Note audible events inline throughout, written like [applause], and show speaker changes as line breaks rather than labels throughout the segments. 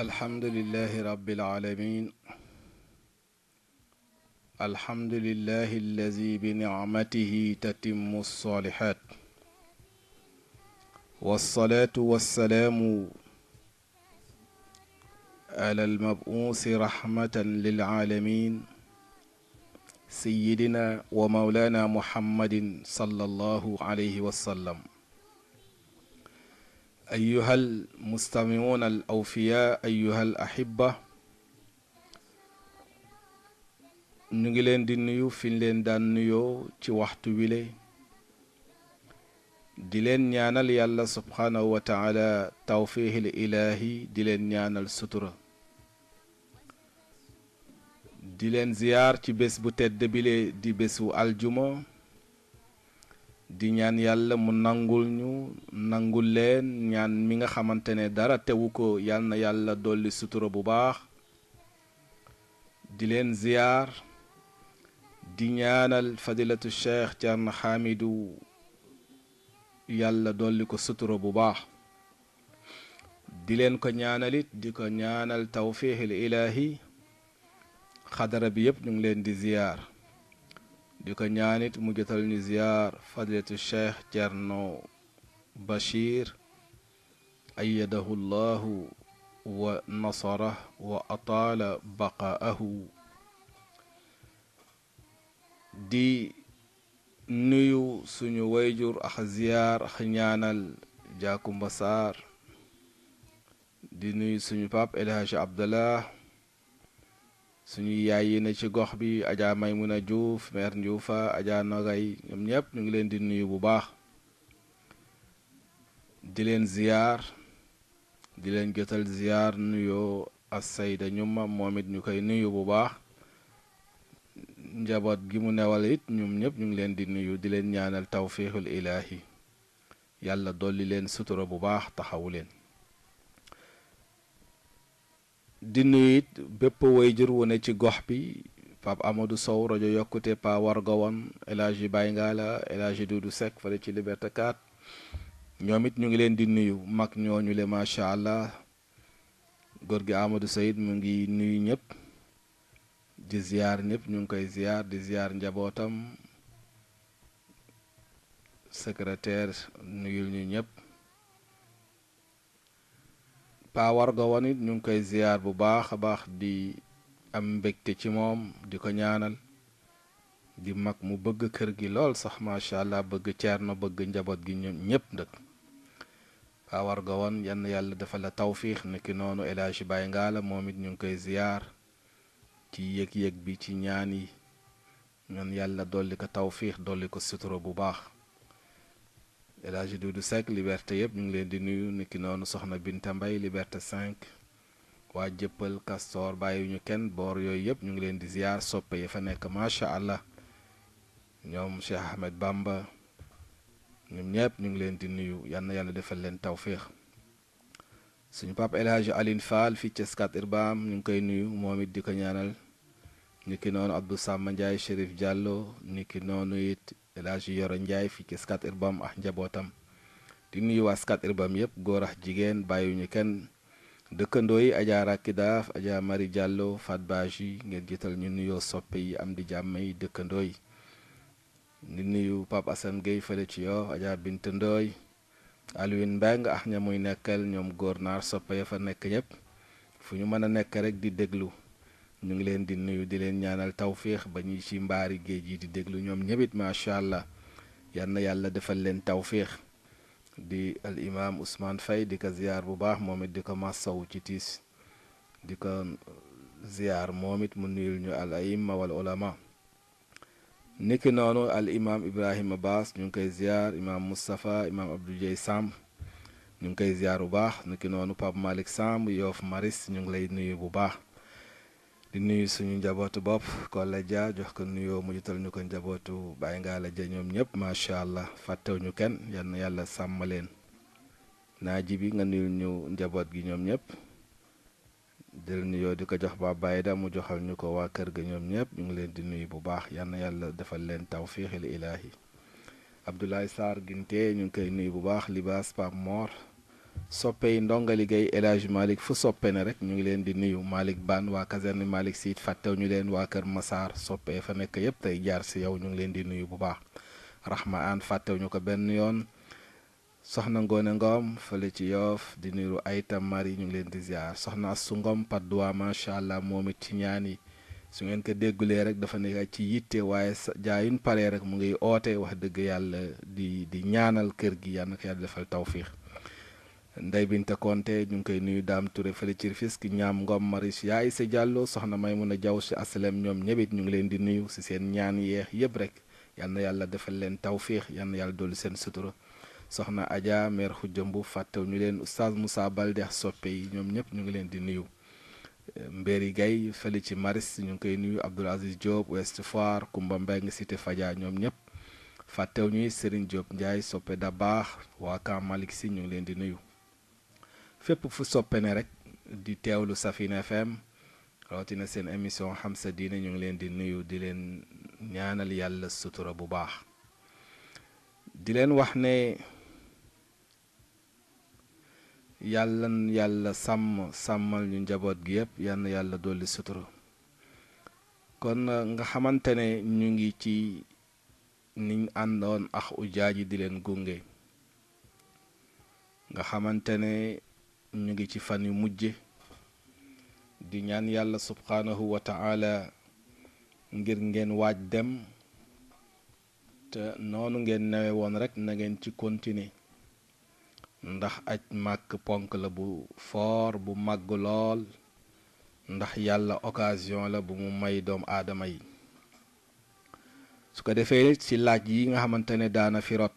الحمد لله رب العالمين الحمد لله الذي بنعمته تتم الصالحات والصلاة والسلام على المبعوث رحمة للعالمين سيدنا ومولانا محمد صلى الله عليه وسلم أيها المستمعون الأوفياء أيها الأحبة ñu ngi leen di nuyu fi leen daan nuyoo ci waxtu wile di leen ñaanal yàlla subhaanahu wa taala tawfiixil di leen ñaanal sutura di leen ziyaar ci bés bu tedd bile di bésu aljuma di ñaan yàlla mu nangul ñu nangul leen ñaan mi nga xamante ne dara tewu ko yal yàlla dolli sutura bu baax di leen ziyaar di ñaanal fadilatu cheikh Thierno Hamidou yàlla dolli ko sutura bu baax di leen ko ñaanalit di ko ñaanal tawfiixil ilaahi xadara bi yëpp ñu ngi leen di ziyaar di ko ñaanit mu jotal ñu ziyaar fadilatu cheikh Thierno Bachir ayyadahu llahu wa nasarah wa ataala baqaahu di nuyu suñu wayjur ax ziyaar ax ñaanal jaakumba saar di nuyu suñu pap El Hadj Abdallah suñu yaay yi ne ci gox bi Adja Maymuna Diouf maire Ndioufa Adja Nogay ñoom ñëpp ñu ngi leen di nuyu bu baax di leen ziyaar di leen jotal ziyaar nuyoo Assayda ñuma moom it ñu koy nuyu bu baax njaboot gi mu newal it ñoom ñëpp ñu ngi leen di nuyu di leen ñaanal tawfiixul ilaahi yàlla dolli leen sutura bu baax taxawu leen di nuyu it bépp wayjur wu ne ci gox bi Pape Amadou Sow rajo yokkute pa warga woon El Hadji Baye Ngala du Hadji Doudou Seck ci Liberté 4 ñoom it ñu ngi leen di nuyu mag ñooñu le macha allah góor gi Amadou Sayid mu ngi nuyu ñëpp di ziar ñëpp ñu ngi koy ziar di ziar njabootam secrétaire nuyul ñu ñëpp paa warga wan it ñu ngi koy ziyaar bu baax a baax di am mbegte ci moom di ko ñaanal di mag mu bëgg kër gi lool sax macha allah bëgg ceerno bëgg njaboot gi ñoom ñëpp ndëkk paa warga wan yan yàlla dafa la tawfiix niki noonu élage Hadji Baye Ngala moom it ñu ngi koy ziyaar ci yëg-yëg bi ci ñaan yi ñun yàlla dolli ko tawfiix dolli ko sutura bu baax El Hadji Doudou Seck liberté yëpp ñu ngi leen di nuyu niki noonu soxna Binta Mbaye liberté 5 waa jëppal Castor bàyyiwuñu kenn boor yooyu yëpp ñu ngi leen di ziar soppe yi fa nekk macha allah ñoom Cheikh Ahmed Bamba ñoom ñëpp ñu ngi leen di nuyu yal na yàlla defal leen tawféex suñu papa El Hadji Aline Fall fii ci Scat Urbam ñu ngi koy nuyu moom it di ko ñaanal niki noonu Abdou Samba Ndiaye Chérif Diallo niki noonu it. El Hadji Yoro Ndiaye fii ci Scat Urbam ak njabootam di nuyu waa Scat Urbam yëpp góor ak jigéen bàyyiwuñu kenn dëkkandooy yi Adja Rakki Daaf Adja Mari Diallo Fat Badji ngeen jiital ñu nuyoo soppe yi am di jàmm yi dëkkandoo yi di nuyu Pape Assane Gueye fële ci yoo Bint Ndooy Alioune Mbeng ak ña muy nekkal ñoom góor naar soppe ya fa nekk ñëpp fu ñu mën a nekk rek di déglu ñu ngi leen di nuyu di leen ñaanal tawfiix ba ñuy ci mbaari géej yi di déglu ñoom ñëpp macha allah yàlla yàlla defal leen tawfiix di al imam Ousmane fay di ko ziar bu baax moom it di ko massawu ci tiis di ko ziar moom it mu nuyul ñu al aima wal ulama niki noonu al imam Ibrahima bas ñu ngi koy ziar imam mustapha imam Abdou Dieye Samb ñu ngi koy ziar bu baax niki noonu Pape malik Samb yoof Maris ñu ngi lay nuyu bu baax. di nuyu suñu njabootu bopp Kole Dia jox ko nuyoo mu jital ñu ko njabootu Baye Ngalla ja ñoom ñëpp macha allah ñu kenn yal yàlla sàmm leen naa ji bi nga nuyu ñu njaboot gi ñoom ñëpp jël nuyoo di ko jox ba Baye da mu joxal ñu ko waa kër ga ñoom ñëpp ñu ngi leen di nuyu bu baax yal yàlla defal leen tawfiixil ilaahi Abdoulaye Sarr Ginte ñu ngi koy nuyu bu baax Libaas Pape moor soppee yi ndonga liggéey El Hadj fu soppee ne rek ñu ngi leen di nuyu Malick Ban waa caserne malik Siit fàttew ñu leen waa Kër Masaar soppee fa nekk yëpp tey jaar si yow ñu ngi leen di nuyu bu baax Rahma Aan fàttew ko benn yoon soxna Ngoone Ngom fële ci Yoof di nuyu ay tamar yi ñu ngi leen di ziar soxna Assu Ngom padduwaa macha allah moom ci ñaan yi su ngeen ko déggulee rek dafa nekk ci yitte waaye sa jaayuñ paree rek mu ngi oote wax dëgg yàlla di di ñaanal kër gi yàlla na ko yàlla defal tawfiix Ndeye Binta Konte ñu ngi koy nuyu daam Touré fële ci ki ñaam Ngom Mariche yaay sa Diallo soxna a Jaw si asalem ñoom ñëpp ñu ngi leen di nuyu si seen ñaan yeex yëpp rek yal yàlla defal leen tawfiix yal na yàlla dolli seen sutura soxna Adja mère Khoudia Mbu fàttew ñu leen oustaz Moussa Balde soppe yi ñoom ñëpp ñu ngi leen di nuyu. Mbéri gay fële ci Maris ñu ngi koy nuyu Abdoul Aziz Diop Ouest Foire Kumba Mbeng Cité Fadia ñoom ñëpp fàttew ñuy Serigne Diop Ndiaye soppe da baax waa Camp Malick Sy ngi leen di nuyu. fépp fu soppe ne rek di teewlu Safina FM rawatina seen émission xam sa diine ñu ngi leen di nuyu di leen ñaanal yàlla sutura bu baax di leen wax ne yàlla yàlla sàmm sàmmal ñu njaboot gi yëpp yàlla yàlla dolli sutura kon nga xamante ne ñu ngi ci niñ àndoon ax yi di leen gunge nga xamante ñu ngi ci fan yu mujjé di ñaan yalla subhanahu wa ta'ala ngir ngeen waaj dem te noonu ngeen newe woon rek na ngeen ci continuer ndax aj màkk ponk la bu foor bu màgg lool ndax yàlla occasion la bu mu may doom aadama yi su ko defee ci laaj yi nga xamantene daana fi rot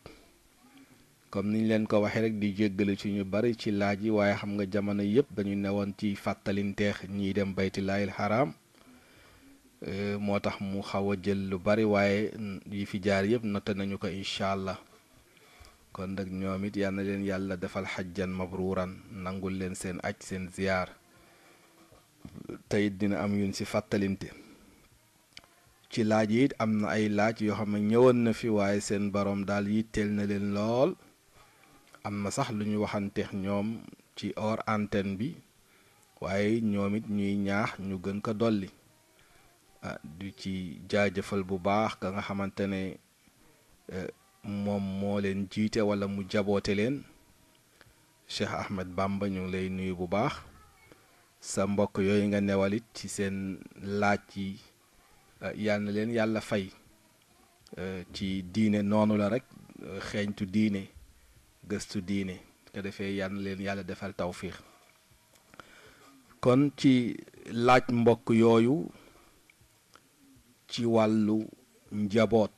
comme niñ leen ko waxee rek di jéggale ci ñu bari ci laaj yi waaye xam nga jamono yëpp dañu newoon ci fàttalinteex ñii dem baytilaayil xaraam euh, moo tax mu xaw a jël lu bari waaye yi fi jaar yépp noté nañu ko incha allah kon nag ñoom it yal na leen yàlla defal xajjan mabruuran nangul leen seen aj seen ziyaar tey dina am yuñ si fàttalinte ci laaj yi it am na ay laaj yoo xam ne ñëwoon na fi waaye seen boroom daal yitteel na leen lool am na sax lu ñu waxanteex ñoom ci or antenne bi waaye ñoom it ñuy ñaax ñu gën ko dolli ah, du ci jaajëfal bu baax ka nga xamante ne eh, moom moo leen jiite wala mu jaboote leen Cheikh Ahmed Bamba ñu lay nuyu bu baax sa mbokk yooyu nga newalit ci seen laaj yi eh, yal leen yàlla fay eh, ci diine noonu la rek xeeñtu diine gëstu diine te defee yàlla leen yàlla defal tawfiix kon ci laaj mbokk yooyu ci wàllu njaboot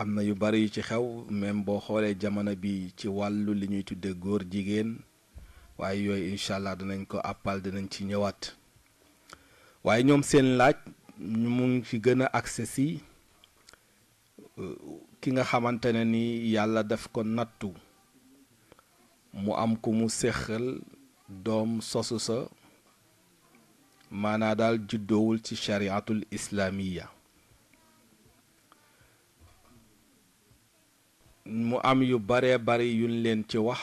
am na yu bari yu ci xew même boo xoolee jamono bi ci wàllu li ñuy tudde góor jigéen waaye yooyu incha allah dinañ ko àppal dinañ ci ñëwaat waaye ñoom seen laaj ñu mu ngi ci gën a accès si euh, ki nga xamante ne ni yàlla daf ko nattu mu am ku mu séqal doom sosu sa maanaa daal juddoowul ci chariatul islaamiya mu am yu bare bari yuñ leen ci wax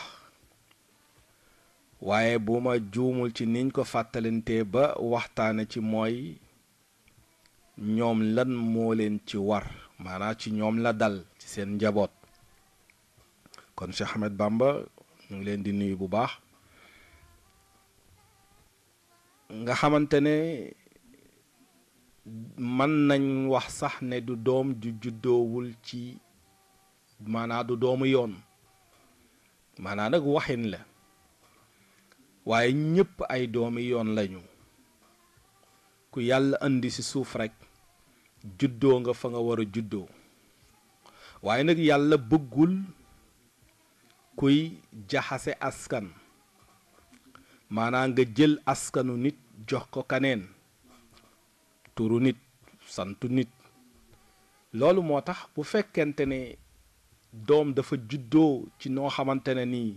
waaye bu ma juumul ci niñ ko fàttalante ba waxtaane ci mooy ñoom lan moo leen ci war maanaa ci ñoom la dal ci seen njaboot kon Cheikh Ahmed Bamba ñu leen di nuyu bu baax nga xamante ne mën nañ wax sax ne du doom ju juddoowul ci maanaa du doomu yoon maanaa nag waxin la waaye ñépp ay doomi yoon lañu ku yàlla indi ci suuf rekk juddoo nga fa nga war a juddoo waaye nag yàlla bëggul kuy jaxase askan maanaam nga jël askanu nit jox ko kaneen turu nit santu nit loolu moo tax bu fekkente ne doom dafa juddoo ci noo xamante ne nii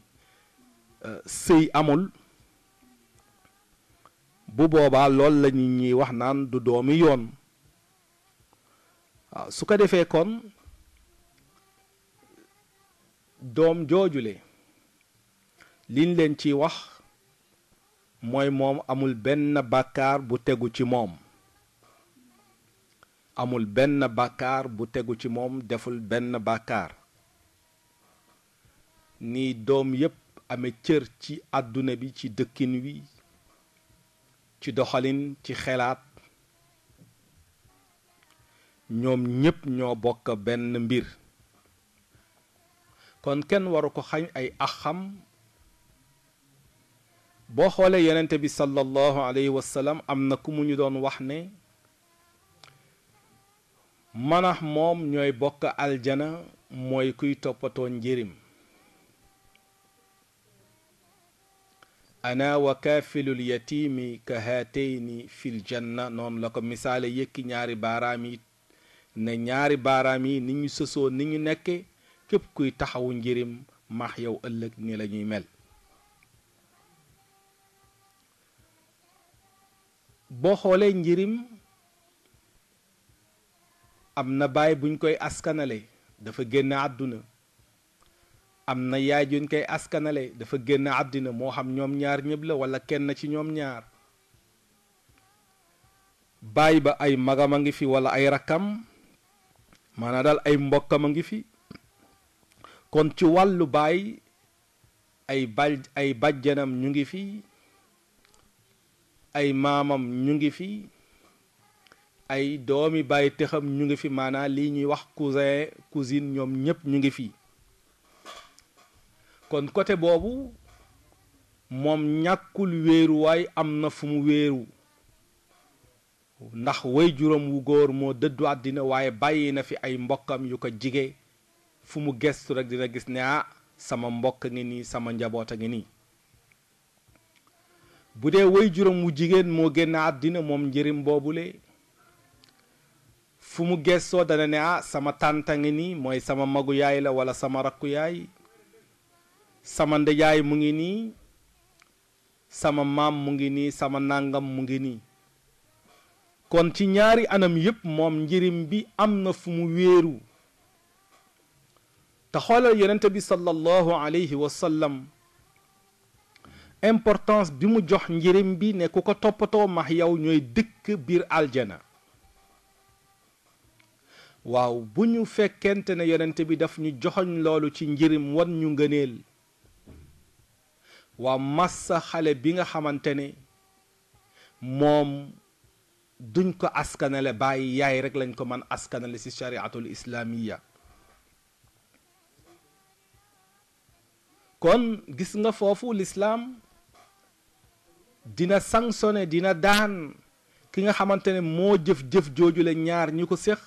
euh, sëy amul bu boobaa loolu la nit ñi wax naan du doomi yoon waaw ah, su ko defee kon doom joojule liñ leen ci wax mooy moom amul benn bàkkaar bu tegu ci moom amul benn bàkkaar bu tegu ci moom deful benn bàkkaar ni doom yépp ame cër ci àdduna bi ci dëkkin wi ci doxalin ci xelaat ñoom ñépp ñoo bokk benn mbir kon kenn waru ko xañ ay axam boo xoolee yenente bi sallallahu alayhi wa sallam am na ku mu ñu doon wax ne manax moom ñooy bokk aljana mooy kuy toppatoo njërim ana wa kaafilul yatimi ka haatayni fil janna noonu la ko misaale yëkki ñaari baaraam ne ñaari baaraam yi ni ñu sësoo ni ñu nekke képp kuy taxawu njërim maax yow ëllëg ni la ñuy mel boo xoolee njërim am na baay buñ koy askanale dafa génn àdduna am na yaay juñ koy askanale dafa génn àddina moo xam ñoom ñaar ñëpp la walla kenn ci ñoom ñaar baay ba ay magam a ngi fi walla ay rakkam maanaam daal ay mbokkam a ngi fi kon ci wàllu baay ay baj ay bàjjanam ñu ngi fi ay maamam ñu ngi fi ay doomi baay texam ñu ngi fi maanaam lii ñuy wax cousin cousine ñoom ñëpp ñu ngi fi kon côté boobu moom ñàkkul wéeruwaay am na fu mu wéeru ndax way juróom wu góor moo dëddu àddina waaye bàyyi na fi ay mbokkam yu ko jigee fu mu gestu rek dina gis ne ah sama mbokk ngi nii sama njaboot a ngi nii bu dee way juróom jigéen moo génn àddina moom njërim boobule fu mu gestoo dana ne ah sama ngi nii mooy sama magu yaay la wala sama rakku yaay sama ndejaay mu ngi nii sama maam mu ngi nii sama nàngam mu ngi nii kon ci ñaari anam yëpp moom njërim bi am na fu mu wéeru te xoolal yonente bi sallallahu alayhi wa sallam importance bi mu jox njërim bi ne ku ko toppatoo max yow ñooy dëkk biir aljana waaw bu ñu fekkente ne yonente bi daf ñu joxoñ loolu ci njërim wan ñu ngëneel waa massa xale bi nga xamante ne moom duñ ko askanale bàyyi yaay rek lañ ko mën askanale ci shariatul islaamiya kon gis nga foofu lislaam dina sanctionné dina daan ki nga xamante ne moo jëf-jëf jooju la ñaar ñi ko séq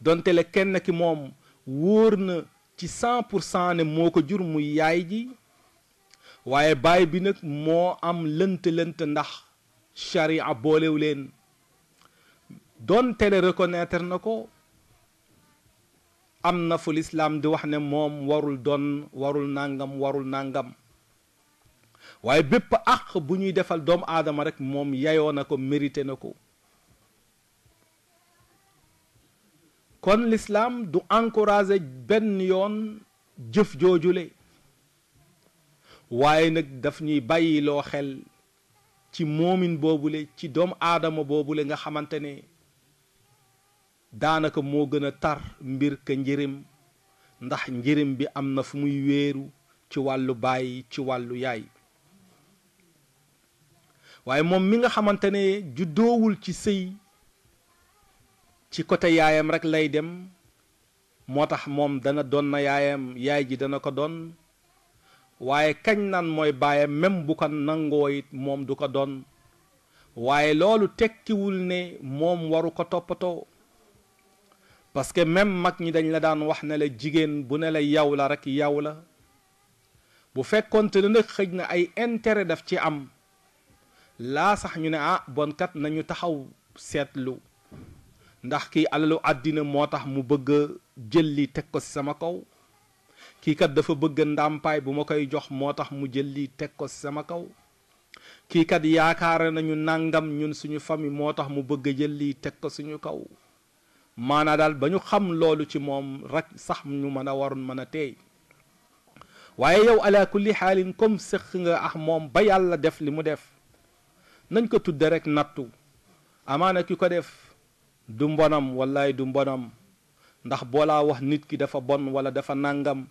donte la kenn ki moom wóor na ci cent pour cent ne moo ko jur mu yaay ji waaye baay bi nag moo am lënt-lënt ndax sharia boolew leen donte le reconnaître na ko am na fu lislaam di wax ne moom warul don warul nangam warul nangam waaye bépp ak bu ñuy defal doomu aadama rek moom yayoo na ko mérité na ko kon lislaam du encouragé benn yoon jëf joojule waaye nag daf ñuy bàyyiloo xel ci moomin boobule ci doomu aadama boobule nga xamante ne daanaka moo gën a tar mbir ka njërim ndax njërim bi am na fu muy wéeru ci wàllu baay ci wàllu yaay waaye moom mi nga xamante ne juddoowul ci sëy ci côté yaayam rekk lay dem moo tax moom dana doon yaayam yaay ji dana ko doon waaye kañ naan mooy baayam même bu ko nangoo it moom du ko doon waaye loolu tekkiwul ne moom waru ko toppatoo parce que même mag ñi dañ la daan wax ne la jigéen bu ne la yow la rek yow la bu fekkonte ne nag xëj na ay intérêt daf ci am laa sax ñu ne ah bon nañu taxaw seetlu ndax kii alalu àddina moo tax mu bëgg jël lii teg ko si sama kaw kii kat dafa bëgg ndàmpaay bu ma koy jox moo tax mu jël lii teg ko ci sama kaw kii kat yaakaar nañu nangam ñun suñu famille moo tax mu bëgg jël lii teg ko suñu kaw maanaa daal ba ñu xam loolu ci moom rek sax ñu mën a waroon mën a teey waaye yow ala kulli xaalin comme sëq nga ah moom ba yàlla def li mu def nañ ko tudde rekk nattu amaana ki ko def du mbonam wallaay du mbonam ndax boolaa wax nit ki dafa bon wala dafa nangam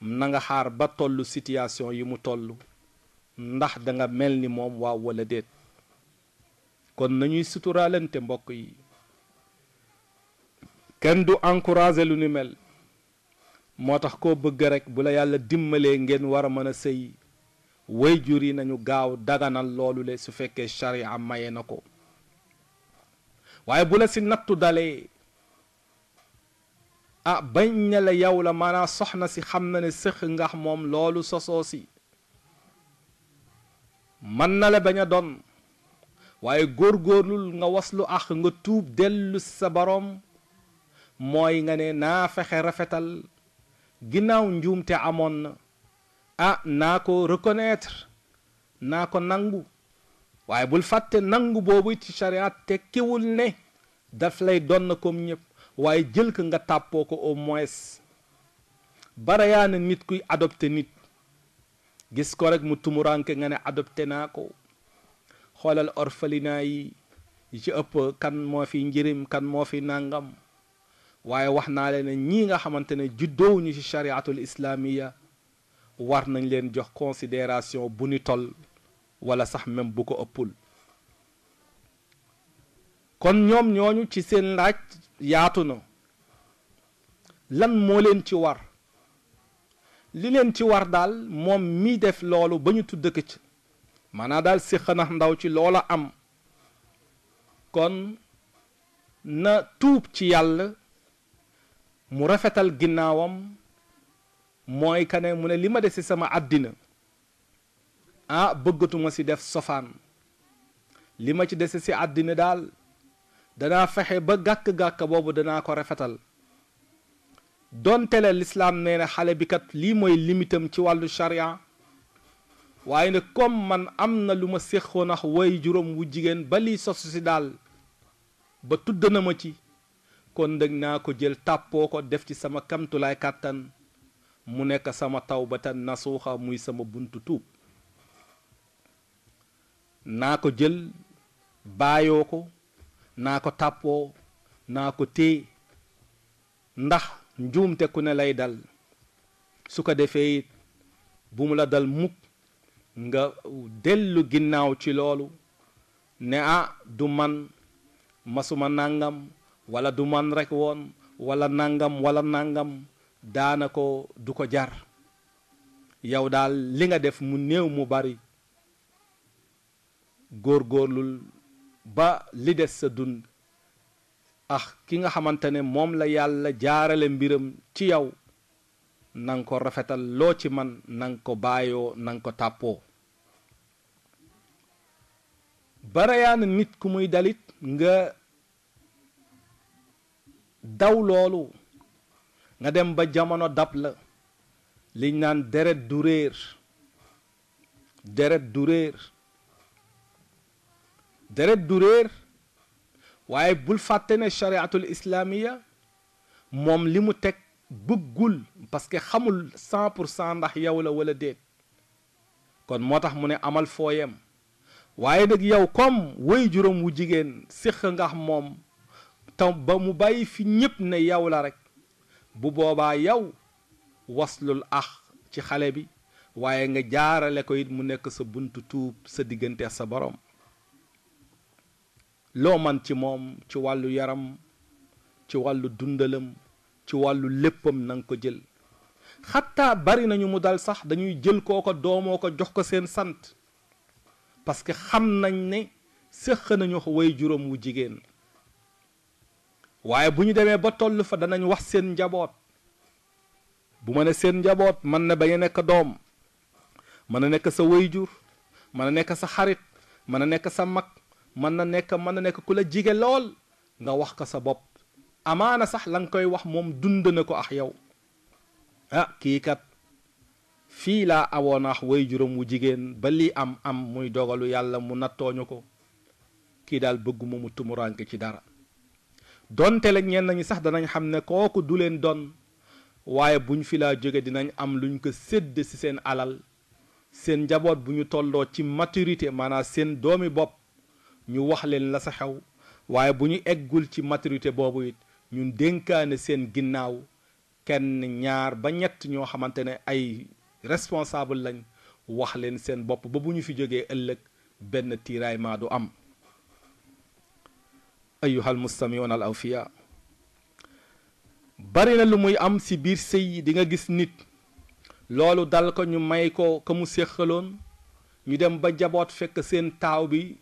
nanga xaar ba tollu situation yi mu tollu ndax danga mel ni moom waaw wala deet kon nañuy suturaalante mbokk yi kenn du encouragé lu ni mel moo tax koo bëgg rek bu la yàlla dimbalee ngeen war a mën a sëy way jur yi nañu gaaw daganal loolu le su fekkee charia maye na ko waaye bu la si nattu dalee ah bañ ne la yow la maanaa soxna si xam na ne sëx ngax moom loolu sosoo si man na la bañ a doon waaye góorgóorlul nga waslu ax nga tuub dellu sa boroom mooy nga ne naa fexe rafetal ginnaaw njuumte amoon na ah naa ko reconnaître naa ko nangu waaye bul fàtte nangu boobu ci chariat te kiwul ne daf lay donn kom ñëpp waaye jël ko nga tàppoo ko au moins barayaana nit kuy adopté nit gis ko rek mu tumuranke nga ne adopté naa ko xoolal orphelinat yi yi ëpp kan moo fi njërim kan moo fi nangam waaye wax naa leen ne ñii nga xamante ne juddoowuñu ci chariatul islaamiya war nañ leen jox considération bu ni toll walla sax même bu ko ëppul kon ñoom ñooñu ci seen laaj yaatu na lan moo leen ci war li leen ci war daal moom mi def loolu ba ñu tudd ci maanaa daal si xanax ndaw ci loola am kon na tuub ci yàlla mu rafetal ginnaawam mooy ka ne mu ne li ma def si sama àddina ah bëggatuma si def sofaan li ma ci dese si àddina daal danaa fexe ba gàkk-gàkk boobu danaa ko rafetal donte la lislaam nee na xale bi kat lii mooy limitam ci wàllu charia waaye ne comme man am na lu ma séqoo nax way juróom wu jigéen ba lii sosu si daal ba tudd na ma ci kon nag naa ko jël tàppoo ko def ci sama kamtulaay kàttan mu nekk sama taw tawbatan nasuuxa muy sama buntu tuub naa ko jël baayoo ko naa ko tàppoo naa ko téye ndax njuumte ku ne lay dal su ko defee it bu mu la dal mukk nga dellu ginnaaw ci loolu ne ah du man masuma nàngam wala du man rek won, wala nangam wala nangam danako du ko jar yow dal li nga def mu new mu bari gorlul ba li dess sa dund ah ki nga xamantene mom la yalla jaarale mbiram ci yow nang ko rafetal lo ci man nang ko bayo nang ko tapo barayaan nit kumuy dalit nga daw loolu nga dem ba jamono dab la liñ naan deret du réer deret du réer deret du réer waaye bul fàtte ne chariatul islaamiya moom li mu teg bëggul parce que xamul 100 pour cent ndax yow la wala déet kon moo tax mu ne amal fooyem waaye nag yow comme way juróom wu jigéen siq nga xam moom tam ba mu bàyyi fi ñépp ne yow la rek bu boobaa yow waslul ax ci xale bi waaye nga jaarale ko it mu nekk sa buntu tuub sa diggante sa boroom loo man ci moom ci wàllu yaram ci wàllu dundalam ci wàllu léppam na ko jël xataa bari nañu mu dal sax dañuy jël koo ko doomoo ko jox ko seen sant parce que xam nañ ne séq nañu way juróom wu jigéen waye buñu démé ba toll fa danañ wax seen njabot bu mané ne seen njaboot mën na bañ a nekk doom mën na nek sa wayjur man na nek sa xarit man na nek sa mak man na nek man na nek kula jige lol nga wax ko sa bop amana sax lang koy wax mom dund na ko ah yow ah ki kat fi la awona ax wayjuram wu jigen ba li am am muy dogalu yàlla mu nattooñu ko kii daal bëgguma mu tumuranke ci dara donte la ñenn ñi sax danañ xam ne kooku du leen doon waaye buñ fi laa jóge dinañ am luñ ko sédd ci seen alal seen njaboot bu ñu tolloo ci maturité maanaam seen doomi bopp ñu wax leen la sa xew waaye bu ñu eggul ci maturité boobu it ñun dénkaane seen ginnaaw kenn ñaar ba ñett ñoo xamante ne ay responsable lañ wax leen seen bopp ba bu ñu fi jógee ëllëg benn tiraillement du am ayyuhal mustamiuna al awfiya bari na lu muy am ci biir sëy yi di nga gis nit loolu dal ko ñu may ko ka mu séqaloon ñu dem ba jaboot fekk seen taaw bi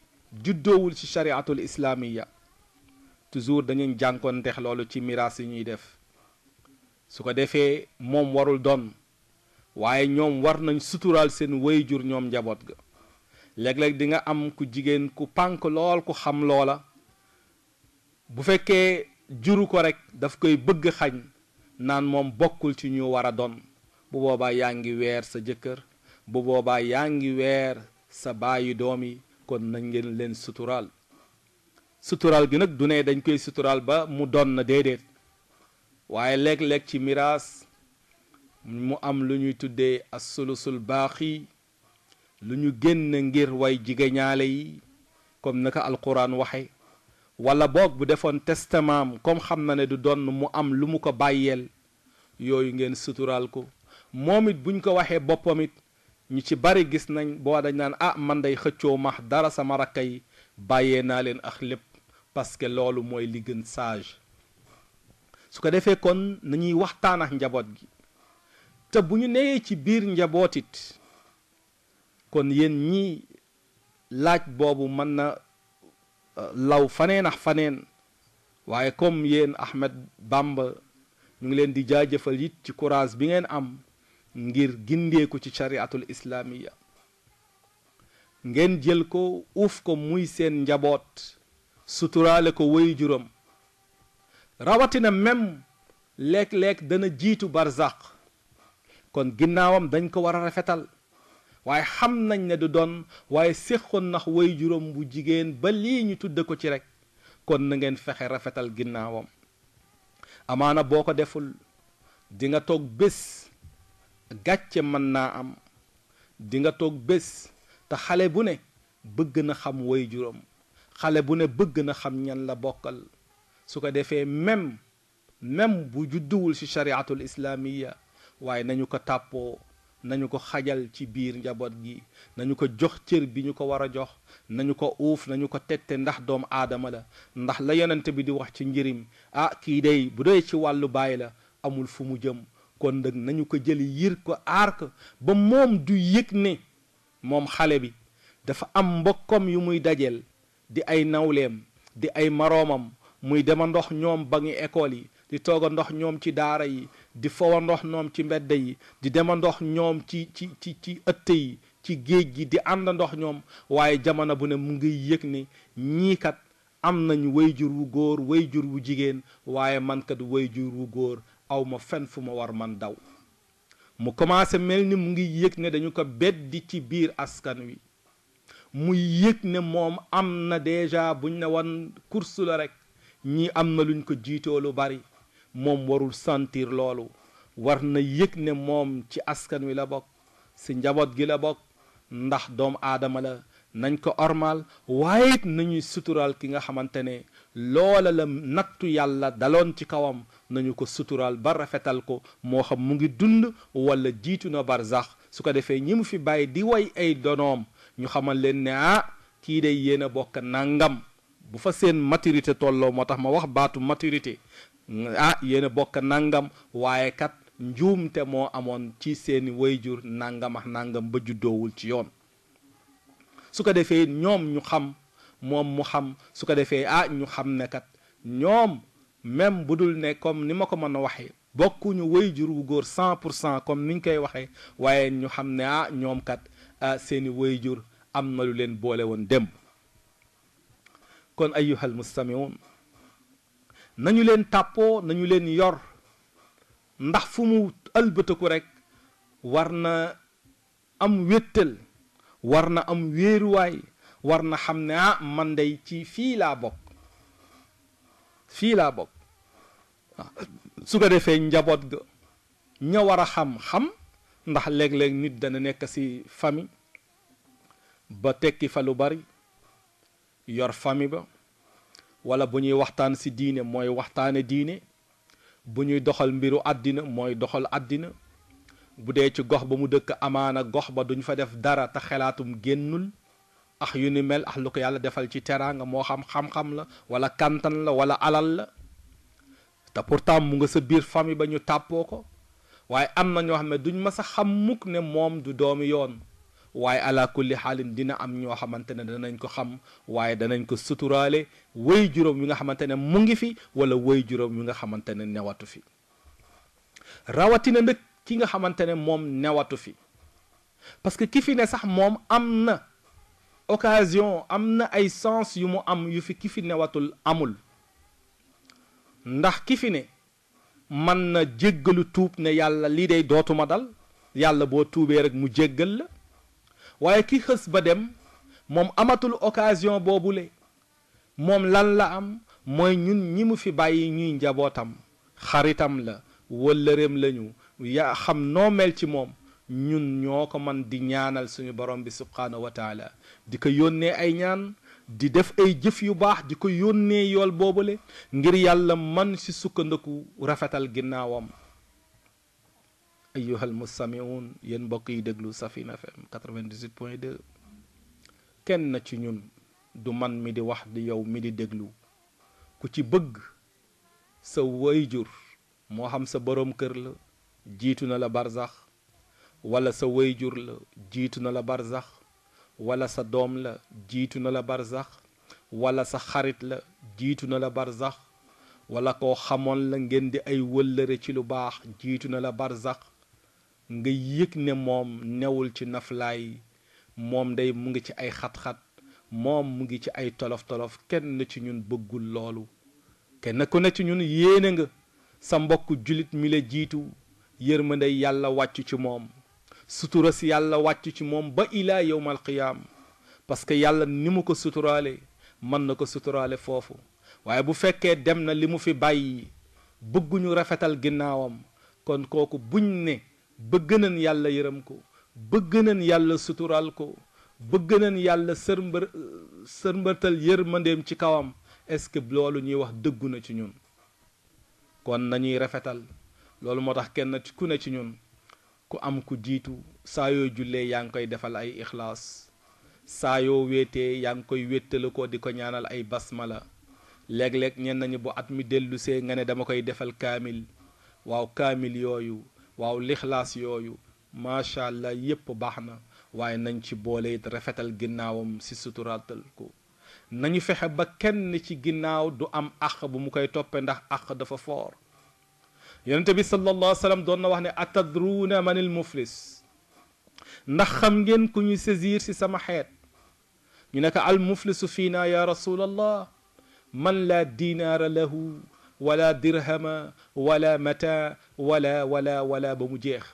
juddowul ci chariatul islaamiya toujours dañuy jànkoonteex loolu ci miraas yi ñuy def su ko defee moom warul doon waaye ñoom war nañ suturaal seen wéy jur ñoom njaboot ga léeg-léeg di am ku jigéen ku pànk lool ku xam loola bu fekkee juru ko rek daf koy bëgg xañ naan moom bokkul ci ñu war a doon bu boobaa yaa ngi weer sa jëkkër bu boobaa yaa ngi weer sa baayu doom yi kon nañ ngeen leen suturaal suturaal gi nag du ne dañ koy suturaal ba mu doon na déedéet waaye léeg-léeg ci miraas mu am lu ñuy tuddee assulusul baax yi lu ñu génn ngir way jigéñaale yi comme naka alquran waxe wala boog bu defoon testament comme xam na ne du donn mu am lu mu ko bàyyeel yooyu ngeen suturaal ko moom it buñ ko waxee boppam it ñu ci bari gis nañ boo dañ naan ah man day xëccoo max dara sama rakka yi bàyyee naa leen ax lépp parce que loolu mooy li gën sage su ko defee kon nañuy waxtaan ak njaboot gi te bu ñu neyee ci biir njaboot it kon yéen ñi laaj boobu mën na law faneen ax faneen waaye comme yéen Ahmed bàmba ñu ngi leen di jaajëfal it ci courage bi ngeen am ngir gindeeku ci chariatul islaamiya ngeen jël ko uuf ko muy seen njaboot suturaale ko woy juróom rawatina même léeg-léeg dana jiitu barzaq kon ginnaawam dañ ko war rafetal waaye xam nañ ne du doon waaye séqoon nax way juróom bu jigéen ba lii ñu tudde ko ci rek kon na ngeen fexe rafetal ginnaawam amaana boo ko deful dinga toog bés gàcce mën naa am di nga toog bés te xale bu ne bëgg na xam way juróom xale bu ne bëgg na xam ñan la bokkal su ko defee même même bu judduwul ci chariatul islaamiya waaye nañu ko tàppoo nañu ko xajal ci biir njaboot gi nañu ko jox cër bi ñu ko war a jox nañu ko uuf nañu ko tette ndax doomu aadama la ndax la yonent bi di wax ci njëriñ ah kii day bu dee ci wàllu baay la amul fu mu jëm kon nag nañu ko jël yiir ko aar ko ba moom du yëg ne moom xale bi dafa am mbokkoom yu muy dajeel di ay nawleem di ay maroomam muy dema ndox ñoom ba ngi école yi di toog a ndox ñoom ci daara yi di ndox ñoom ci mbedd yi di ndox ñoom ci ci ci ci ëtt yi ci géej gi di ndox ñoom waaye jamono bu ne mu ngi yëg ni ñii kat am nañ wayjur wu góor wayjur wu jigéen waaye man kat wayjur wu góor aw ma fenn fu ma war man daw mu commencé mel ni mu ngi yëg ne dañu ko beddi ci biir askan wi mu yëg ne moom am na déjà buñ ne wan course la rek ñii am na luñ ko jiitoo lu bari moom warul sentir loolu war na yëg ne moom ci askan wi la bokk si njaboot gi la bokk ndax doomu aadama la nañ ko ormal waaye it nañuy suturaal ki nga xamante ne loola la nattu yàlla daloon ci kawam nañu ko suturaal ba rafetal ko moo xam mu ngi dund wala jiitu na barzax su ko defee ñi mu fi bàyyi di way ay donoom ñu xamal leen ne ah kii day yéen a bokk nangam bu fa seen maturité tolloo moo tax ma wax baatu maturité ah yéen a nangam waaye kat njuumte moo amoon ci seeni wayjur nangam nangam ba juddoowul ci yoon su ko defee ñoom ñu xam moom mu xam su ko defee ah ñu xam ne kat ñoom même bu dul ne comme ni ma ko mën a waxee bokkuñu wayjur wu góor cent pour cent comme niñ koy waxee waaye ñu xam ne ah, ñoom kat ah, seeni wayjur am na lu leen boole woon démb kon ayyuhal mustamiun nañu leen tàppoo nañu leen yor ndax fu mu ëlbëtaku rekk war na am wéttal war na am wéeruwaay war na xam ne ah man dey ci fii laa bokk fii laa bokk su ko defee njaboot ga ña war a xam-xam ndax léeg-léeg nit dana nekk si famille ba tekki fa lu bari yor famille ba wala bu ñuy waxtaan si diine mooy waxtaane diine bu ñuy doxal mbiru àddina mooy doxal àddina bu dee ci gox ba mu dëkk amaana gox ba duñ fa def dara te xelaatum génnul ax yu ni mel ax lu ko yàlla defal ci teraanga moo xam xam-xam la wala kantan la wala alal la te pourtant mu nga sa biir famille ba ñu tàppoo ko waaye am na ñoo xam ne duñ ma sa xam mukk ne moom du doomi yoon waaye ala kulli xaalin dina am ñoo xamante ne danañ ko xam waaye danañ ko suturaale wéy juróom yi nga xamante ne mu ngi fi wala wéy juróom yi nga xamante ne newatu fi rawatina nag ki nga xamante ne moom newatu fi parce que ki fi ne sax moom am na occasion am na ay sens yu mu am yu fi ki fi newatul amul ndax ki fi ne man na jéggalu tuub ne yàlla lii day dootuma dal yàlla boo tuubee rek mu jéggal la waaye kii xës ba dem moom amatul occasion boobule moom lan la am mooy ñun ñi mu fi bàyyi ñuy njabootam xaritam la wëllëreem lañu yaa xam noo mel ci moom ñun ñoo ko man di ñaanal suñu borom bi subhaanahu wa di ko yónnee ay ñaan di def ay jëf yu baax di ko yónnee yool boobule ngir yàlla man ci sukkandiku rafetal ginnaawam ayyuhal mustami'un yéen mbokk yi déglu Safina FM 98.2 kenn ci ñun du man mi di wax di yow mi di déglu ku ci bëgg sa wayjur moo xam sa boroom kër la jiitu na la barzax wala sa wayjur la jiitu na la barzax wala sa doom la jiitu na la barzax wala sa xarit la jiitu na la barzax wala koo xamoon la ngeen di ay wëllëre ci lu baax jiitu na la barzax nga yëg ne moom newul ci naflaay moom day mu ngi ci ay xat-xat moom mu ngi ci ay tolof-tolof kenn ci ñun bëggul loolu kenn ku ne ci ñun yéene nga sa mbokk jullit mi la jiitu yërmande yàlla wàcc ci moom sutura si yàlla wàcc ci moom ba ilaa yowmal qiyaam parce que yàlla ni mu ko suturaale mën na ko suturaale foofu waaye bu fekkee dem na li mu fi bàyyi bëgguñu rafetal ginnaawam kon kooku buñ ne bëgg nañ yàlla yërëm ko bëgg nañ yàlla suturaal ko bëgg nañ yàlla sërmbër sërmbërtal yërmandeem ci kawam est-ce que loolu ñuy wax dëggu na ci ñun kon nañuy rafetal loolu moo tax kenn ku ne ci ñun ku am ku jiitu saa yoo jullee yaa ngi koy defal ay ixlaas saa yoo wéetee yaa ngi koy wéetale ko di ko ñaanal ay basmala léeg-léeg ñenn nañu bu at mi dellusee nga ne dama koy defal kaamil waaw kaamil yooyu waaw lixlaas yooyu macha allah yépp baax na waaye nañ ci boole it rafetal ginnaawam si suturaatal ko nañu fexe ba kenn ci ginnaaw du am àq bu mu koy toppee ndax àq dafa foor yonente bi sallallahu alayhi wa sallam doon na wax ne atadruuna man il muflis ndax xam ngeen ku ñu saisir si sama xeet ñu ne ko al muflisu fiina ya rasulallah man laa dinaara lahu wala dirhama wala mata wala wala wala ba mu jeex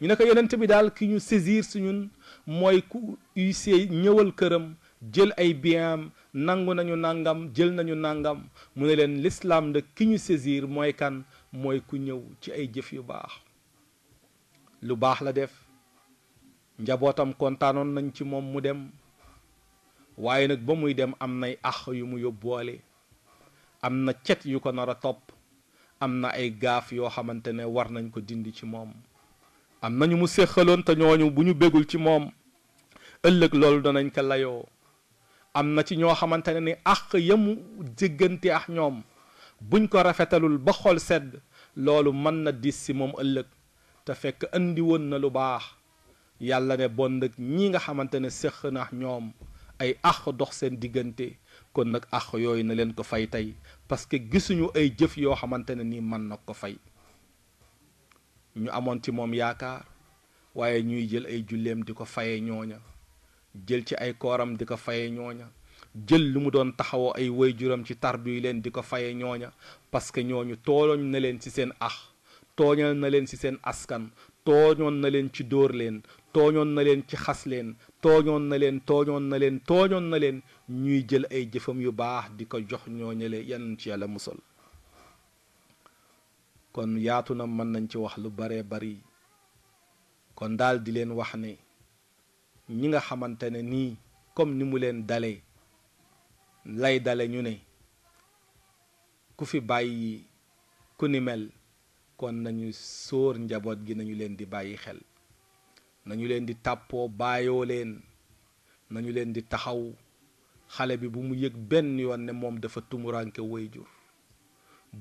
ñu ne ko yonent bi daal ki ñu saisir su ñun mooy ku huissier ñëwal këram jël ay biam nangu nañu nangam jël nañu nangam mu ne leen lislaam de ki ñu saisir mooy kan mooy ku ñëw ci ay jëf yu baax lu baax la def njabootam kontaanoon nañ ci moom mu dem waaye nag ba muy dem am nay ax yu mu yóbboole am ciet yu ko nara top amna am ay gaaf yo xamantene war nañ ko dindi ci mom am ñu mu séqaloon te ñooñu bu ñu bégul ci mom ëllëg loolu danañ ko layoo am na ci ñoo xamantene ni ak yamu jëgënte ak ñoom buñ ko rafetalul ba xol sedd loolu mën na dis si moom ëllëg te fekk andi woon na lu baax yàlla ne bond ñi nga xamantene ne na ñoom ay àq dox seen diggante kon nag àq yooyu na leen ko fay tey parce que gisuñu ay jëf yoo xamante ne nii mën na ko fay ñu amoon ci moom yaakaar waaye ñuy jël ay julleem di ko faye ñooña jël ci ay kooram di ko faye ñooña jël lu mu doon taxawoo ay waajuram ci tarbiyu leen di ko faye ñooña parce que ñooñu tooloñ na leen ci seen ax tooñal na leen ci seen askan tooñoon na leen ci dóor leen tooñoon na leen ci xas leen tooñoon na leen tooñoon na leen tooñoon na leen ñuy jël ay jëfam yu baax di ko jox ñooñale yan ci yàlla musal kon yaatu na mën nañ ci wax lu baree bari kon daldi leen wax ne ñi nga xamante ne nii comme ni mu leen dalee lay dale ñu ne ku fi bàyyi ku ni mel kon nañu soor njaboot gi nañu leen di bàyyi xel nañu leen di tàppoo baayoo leen nañu leen di taxaw xale bi bu mu yëg benn yoon ne moom dafa tumuranke wayjur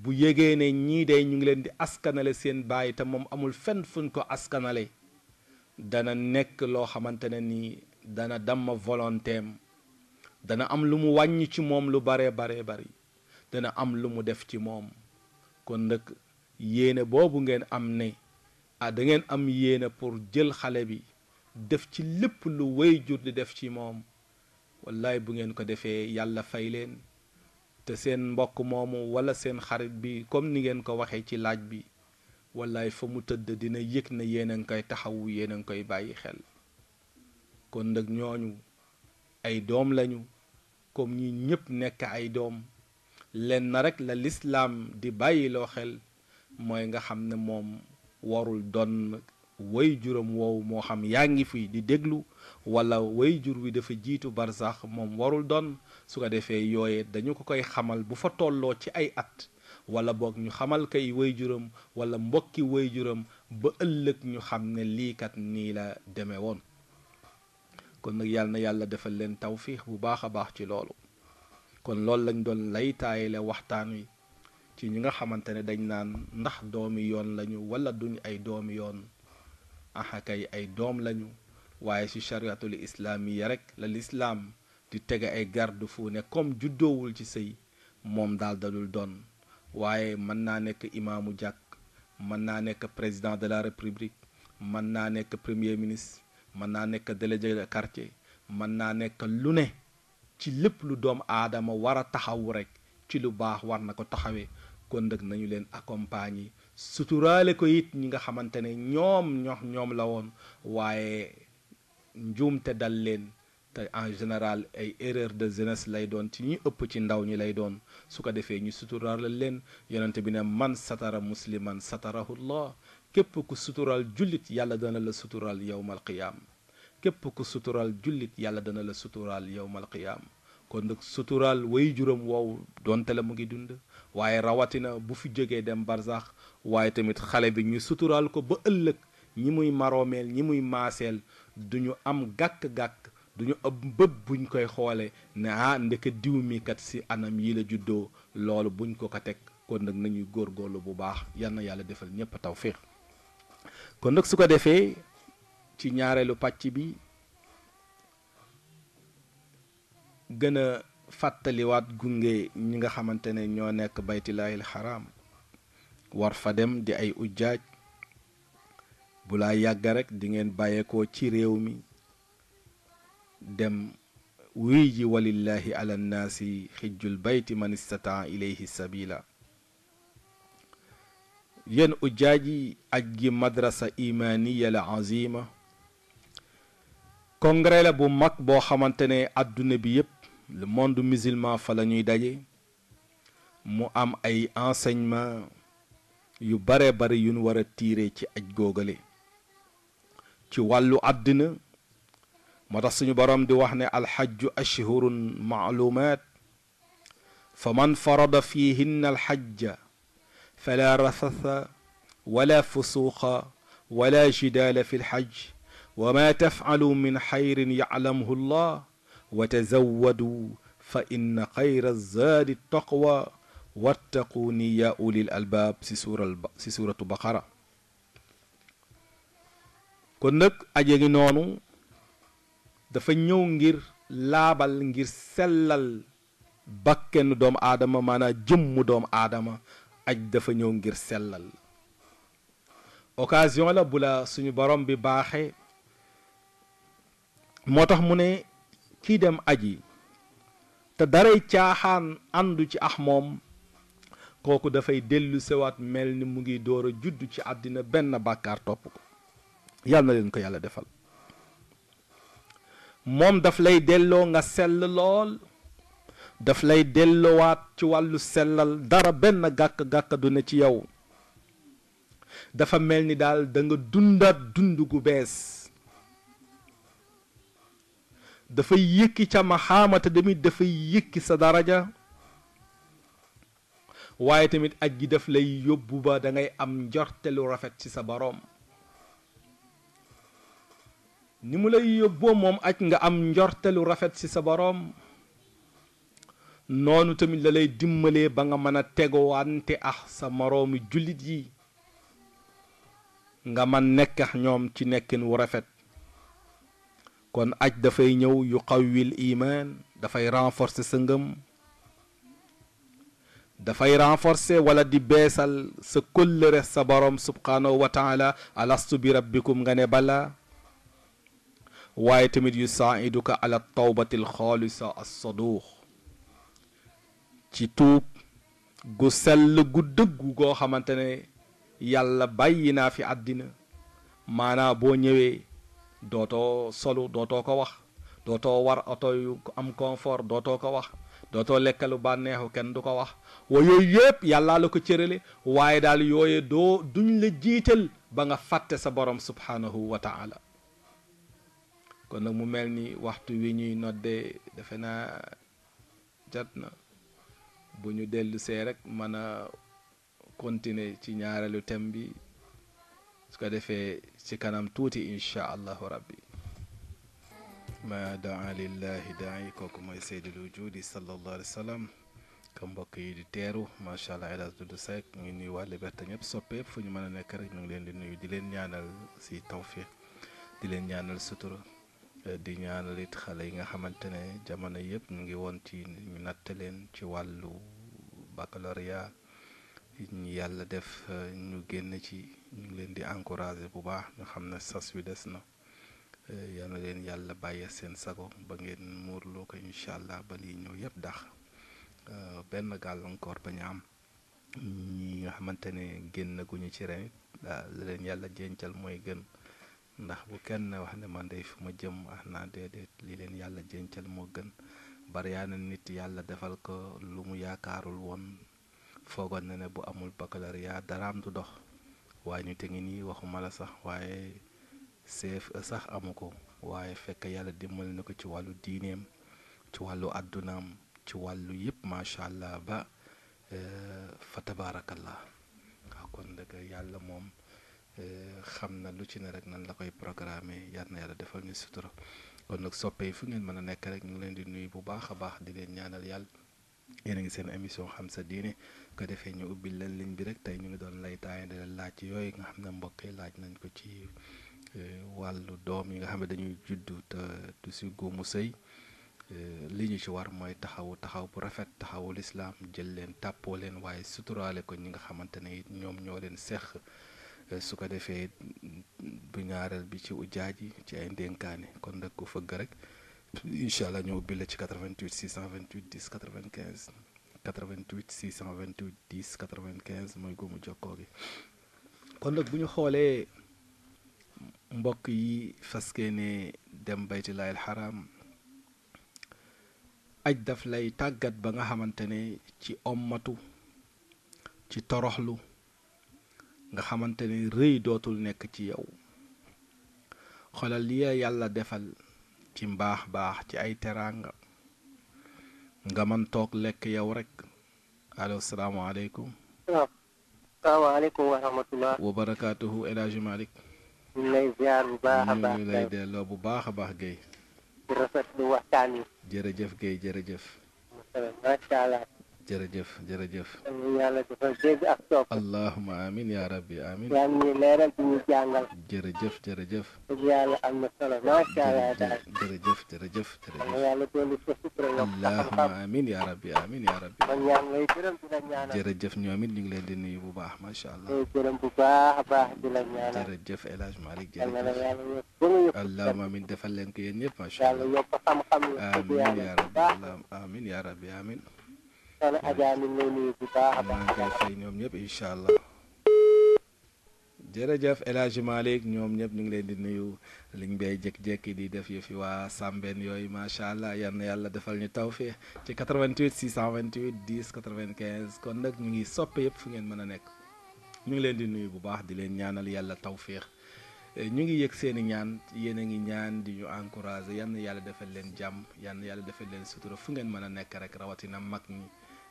bu yégee ne ñii day ñu ngi leen di askanale seen baay te moom amul fenn fuñ ko askanale dana nekk loo xamante ne nii dana damm volontéem dana am lu mu wàññi ci moom lu baree baree bari dana am lu mu def ci moom kon nag yéene boobu ngeen am ne ah da ngeen am yéene pour jël xale bi def ci lépp lu way jur di def ci moom wallaay bu ngeen ko defee yàlla fay leen te seen mbokk moomu wala seen xarit bi comme ni ngeen ko waxee ci laaj bi wallaay fa mu tëdd dina yëg na yéen a ngi koy taxawu yéen a ngi koy bàyyi xel kon nag ñooñu ay doom lañu comme ñi ñépp nekk ay doom leen na rek la lislaam di bàyyiloo xel mooy nga xam ne moom warul doon way juram woowu moo xam yaa ngi fi di déglu walla way jur wi dafa jiitu barsax moom warul doon su ko defee yooye dañu ko koy xamal bu fa tolloo ci ay at wala boog ñu xamal kay way juram wala mbokki way juram ba ëllëg ñu xam ne liikat nii la deme woon kon nag yàlla na yàlla defal leen tawfiix bu baax a baax ci loolu kon loolu lañ doon laytaayale waxtaan wi ci ñi nga xamante ne dañ naan ndax doomi yoon lañu walla duñ ay doomi yoon axakay ay doom lañu waaye ci chariatul islaamiya rek la lislaam di tege ay garde fu ne comme juddoowul ci sëy moom daal dalul doon waaye mën naa nekk imaamu jàkk mën naa nekk président de la république mën naa nekk premier ministre mën naa nekk délégué de quartier mën naa nekk lu ne ci lépp lu doom aadama war a taxawu rek ci lu baax war na ko taxawee kon nag nañu leen accompagner :fra suturaale ko it ñi nga xamante ne ñoom ñoo ñoom la woon waaye te dal leen te en général ay erreurs de :fra lay doon ci ñu ëpp ci ndaw ñi lay doon su ko defee ñu suturaal leen yonent bi ne man satara musliman satarahu llah képp ku suturaal jullit yàlla dana la suturaal yowmal qiyaama képp ku suturaal jullit yàlla dana la suturaal yowmal qiyaama woowu donte la mu ngi dund waaye rawatina bu fi jógee dem barsax waaye tamit xale bi ñu suturaal ko ba ëllëg ñi muy maroomeel ñi muy maaseel du ñu am gàkk-gàkk du ñu ëpp buñ koy xoole ne ah ndeke diw mi si anam yi la juddoo loolu buñ ko ko teg kon nag nañuy góor góorgóorlu bu baax yal yàlla defal ñëpp tawfiix kon nag su ko defee ci ñaareelu pàcc bi gën fàttaliwaat gunge ñi nga xamante ne ñoo nekk baytilaahil xaraam war fa dem di ay ujjaaj bu laa yàgg rek di ngeen bàyyeekoo ci réew mi dem wuy ji walillaahi ala nnaasi xijjul bayti man istataa ilayhi sabila yen ujjaaj yi aj gi madrasa imaniya la azima congrès la bu mag boo xamante ne àdduna bi yépp le monde musulman fa la ñuy daje mu am ay enseignement yu bare bare yu nu wara tiré ci aj gogalé ci walu adina moo suñu borom di wax ne al hajj ashhurun ma'lumat faman man farada fihinna alxajja fala rafatha wala fusuqa wala jidaala fi lxaj wa وما تفعلوا من خير يعلمه الله وتزودوا فإن خير الزاد التقوى واتقوني يا أولي الألباب في سورة البقرة كنك أجيغي نونو دفا نيو نغير لابال نغير سلال بكن دوم آدم مانا جم دوم آدم أج دفا نيو نغير سلال أوكازيون لا بولا سنو بروم بي باخي موتاخ kii dem aji te daray caaxaan àndu ci ax moom kooku dafay dellu mel ni mu ngi door a judd ci àddina benn bàkkaar topp ko yàlla na leen ko yàlla defal moom daf lay delloo nga sell lool daf lay dellowaat ci wàllu sellal dara benn gàkk-gàkk na ci yow dafa mel ni daal danga nga dundaat dund gu bees dafay yëkki ca maxaama te tamit dafay yëkki sa daraja waaye tamit aj gi def lay yóbbu ba da am njorte lu rafet ci sa boroom ni lay yóbboo moom aj nga am njorte lu rafet ci sa boroom noonu tamit la lay dimbalee ba nga mën a tegowante ah sa moroomi jullit yi nga man nekk ñoom ci nekkin wu rafet kon aj da fay ñëw yu xawwil iman da fay renforcer sa da fay renforcer wala di se kul kóllëre sa borom subhanahu wa taala alastu bi rabbikum ngane bala waye tamit yu sa'iduka ala tawbati al khalisa as sadukh ci tuub gu sell gu dëggu goo xamante ne yàlla bàyyi naa fi àddina maanaa boo ñëwee doto solu doto ko wax doto war oto am confort doto ko wax doto lekkalu banneexu kenn du ko wax wo yooyu yëpp yàlla la ko cërale waaye daal yooye doo duñ la jiital ba nga fàtte sa borom subhanahu wa taala kon nag mu mel ni waxtu wi ñuy noddee defe naa jat na bu ñu dellu see rek mën a continuer ci ñaareelu tem bi ko defee ci kanam tuuti incha allahu rabbi ma daa lillahi daai kooku mooy seydul wujudi sallallahu alaihi wasallam sallam ka mbokk yi di teeru macha allah ila Hadj Doudou ngi ni wa Liberté ñep soppe fu ñu mëna nek rek ñu ngi leen di nuyu di leen ñaanal si tawfiq di leen ñaanal sutura di ñaanal it xale yi nga xamantene jamono yëpp ñu ngi won ci ñu natt leen ci walu baccalauréat ñu yàlla def euh, ñu génn ci ñu leen di encouragé bu baax nga xam ne sas wi des na euh, yal na leen yàlla bàyyi seen sago ba ngeen muur loo ko incha allah ba lii ñëw yëpp dax euh, benn gàllankoor ba ñu am ñi nga xamante ne génn guñu ci ren daal la leen yàlla jéncal mooy gën ndax bu kenn wax ne man day fu ma jëm ah naa déedéet li leen yàlla jéncal moo gën bari yaa na nit yàlla defal ko lu mu yaakaarul woon foogoon na ne bu amul baccalauréat daraam du dox waaye ñu te ngi nii waxuma la sax waaye CFE sax amu ko waaye fekk yàlla dimbali na ko ci wàllu diineem ci wàllu àddunaam ci wàllu yëpp macha allah ba eh, fa tabaarakallah kon dëgg yàlla moom eh, xam na lu ci ne rek nan la koy programme yar na yàlla defal ñu sutura kon nag soppe yi fu ngeen mën a nekk rek ñu ngi leen di nuyu bu baax a baax di leen ñaanal yàlla yéen a ngi seen émission xam sa diine ko defee ñu ubbi leen ligne bi rek tey ñu ngi doon lay taay di leen laaj yooyu nga xam ne mbokk yi laaj nañ ko ci euh, wàllu doom yi nga xam ne dañuy juddu te du si góomu sëy euh, li ñu ci war mooy taxawu taxaw bu rafet taxawu lislaam jël leen tàppoo leen waaye suturaale ko ñi nga xamante ne it ñoom ñoo leen seq euh, su ko defee bu ñaareel bi ci ujaaj yi ci ay ndénkaane kon nag ku fëgg rek incha allah ñu ubbi la ci 88 628 10 95. 88 628 10 95 mooy góomu jokkoo gi kon nag bu ñu xoolee mbokk yi faskee ne dem baytilaayil xaraam aj daf lay tàggat ba nga xamante ne ci ommatu ci toroxlu nga xamante ne rëy dootul nekk ci yow xoolal li yàlla defal ci mbaax baax ci ay teraanga nga man toog lekk yow rek allo salaamaaleykum.
waaw salaamaaleykum wa rahmatulah.
wa barakaatuhu El
ñu lay bu baax a baax ñu ngi lay
delloo bu baax baax Guèye. jërëjëf Guèye jërëjëf.
jërëjëf jërëjëf. yàlla dafa dégg ak topp.
allahuma amiin yaa ñu
allah daal. jërëjëf
rabbi amiin yaa rabbi. kon ñaan
lay gërëm
ngi leen di nuyu bu baax macha allah.
lay gërëm bu baax a baax El Hadj Malick jërëjëf.
allahuma defal leen ko yéen ñëpp allah. yàlla yokk xam-xam. amiin yaa soxna Adja mi ngi maa ngi fay ñoom ñëpp incha allah. jërëjëf El Hadj Malick ñoom ñëpp ñu ngi leen di nuyu liñ bay jékki-jékki di def yu fi waa Sambeen yooyu macha allah yal na yàlla defal ñu taw fii ci 88 628 10 95 kon nag ñu ngi sopp yëpp fu ngeen mën a nekk ñu ngi leen di nuyu bu baax di leen ñaanal yàlla taw féex eh, ñu ngi yëg seen i ñaan yéen a ngi ñaan di ñu encouragé yal na yàlla defal leen jàmm yal na yàlla defal leen sutura fu ngeen mën a nekk rek rawatina mag ñi.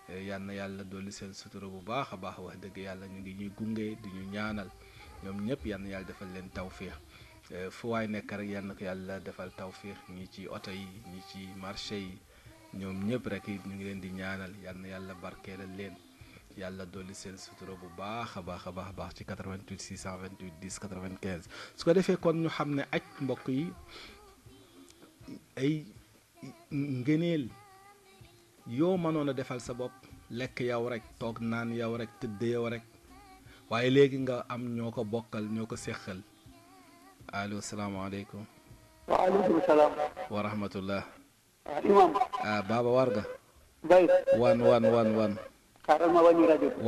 E, yal na yàlla dolli seen sutura bu baax a baax wax dëgg yàlla ñu ngi ñuy gunge di ñu ñaanal ñoom ñëpp yal yàlla defal leen tawféex e, fu waay nekk rek yal na ko yàlla defal tawféex ñi ci oto yi ñi ci marché yi ñoom ñëpp rek ñu ngi leen di ñaanal yal na yàlla barkeelal leen yàlla dolli seen sutura bu baax a baax a baax a baax ci 88 628 10 95 su ko defee kon ñu xam ne aj mbokk yi ay ngëneel. yoo mënoon defal sa bopp lekk yow rek toog naan yow rek tëdd yow rek waaye léegi nga am ñoo ko bokkal ñoo ko séqal allo salaamaaleykum waaleykum salaam wa rahmatullah ah, imam ah,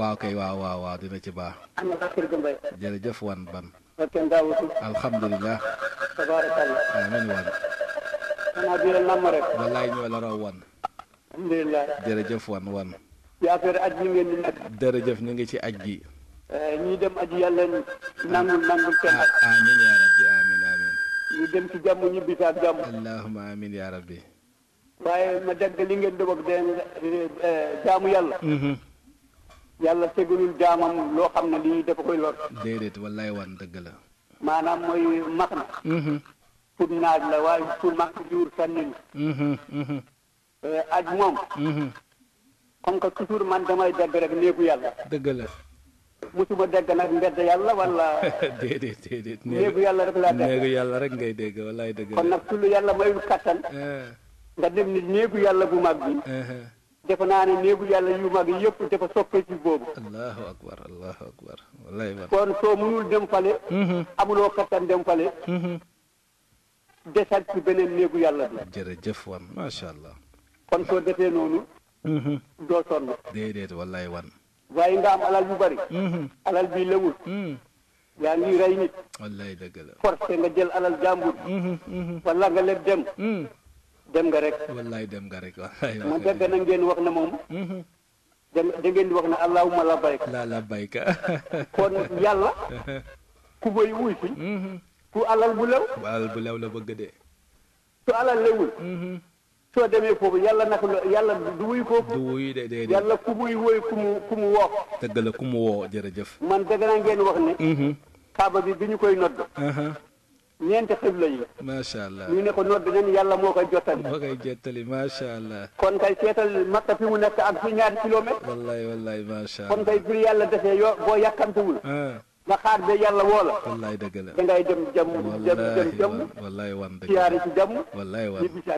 waaw waaw dina ci baax ana Bakir wan ban wakken daawutu alhamdulilah
amin wan xanaa bi la raw wan alhamdulilah jërëjëf wan wan
yaakaar aj yi ngeen di nag
jërëjëf ñu ngi ci aj gi
eh, ñu dem aj yàlla nangul nangul seen aj ah,
amin yaa rabbi amin
amin dem ci jàmm ñu jàmm allahuma
amin yaa rabbi
waaye ma dagg li ngeen di wax de eh, jaamu yàlla mhm. yàlla tegalul jaamam loo xam ne lii dafa koy lor déedéet wallaay wan dëgg la maanaam mooy max na mhm. pour naaj la waaye pour max juur sànni Euh, ak moom. Mhm. comme que toujours man damay dégg rek néegu yàlla. dëgg la. musuma dégg nag mbedd yàlla wala.
[laughs] déedéet déedéet. néegu yàlla rek néegu yàlla rek ngay
dégg walaay dëgg kon nag tullu yàlla mayul kattan. Eh. nga dem ni néegu yàlla bu mag bi. Eh.
defe naa ne néegu
yàlla yu mag yëpp dafa soppee ci boobu. allahu akbar allahu akbar walaay war. kon soo mënul dem fale. Mhm. amuloo kattan dem fale. Mhm. desal ci beneen néegu yàlla bi. jërëjëf wan macha allah. kon soo defee noonu. Mhm. doo sonn. déedéet wallaay wan. waaye nga am alal yu bari. Mhm. alal bi lewul. Mhm. yaa ngi rey nit.
wallaay dëgg la.
forcé nga jël alal jàmbur. wala nga leb dem. dem nga rek. wallaay dem nga rek wallaay. ma dëgg na ngeen wax na moom. da ngeen di wax ne allahumma labbayka. la labbayka. [laughs] kon yàlla. ku bay wuy fi. ku alal bu lew. alal
bu lew la bëgg dee.
su alal lewul. soo demee foofu yàlla nag yàlla du wuy foofu. du wuy de de yàlla ku muy woy ku mu ku mu woo. dëgg la ku mu woo jërëjëf. man dëgg naa ngeen wax ne. Mhm. kaaba bi bi ñu koy nodd. Uh-huh. ñeenti xibla yi.
macha allah ñu ne ko nodd nañ yàlla moo koy jottali. moo koy jottali
macha allah. kon kay seetal makka fi mu nekk ak fi ñaari kilomètre. wallahi wallahi macha allah yàlla defee yoo nga xaar ba yàlla woo la. wallaay dëgg la da ngay dem jàmm. jëm wan dëgg la ci wan ñibbi si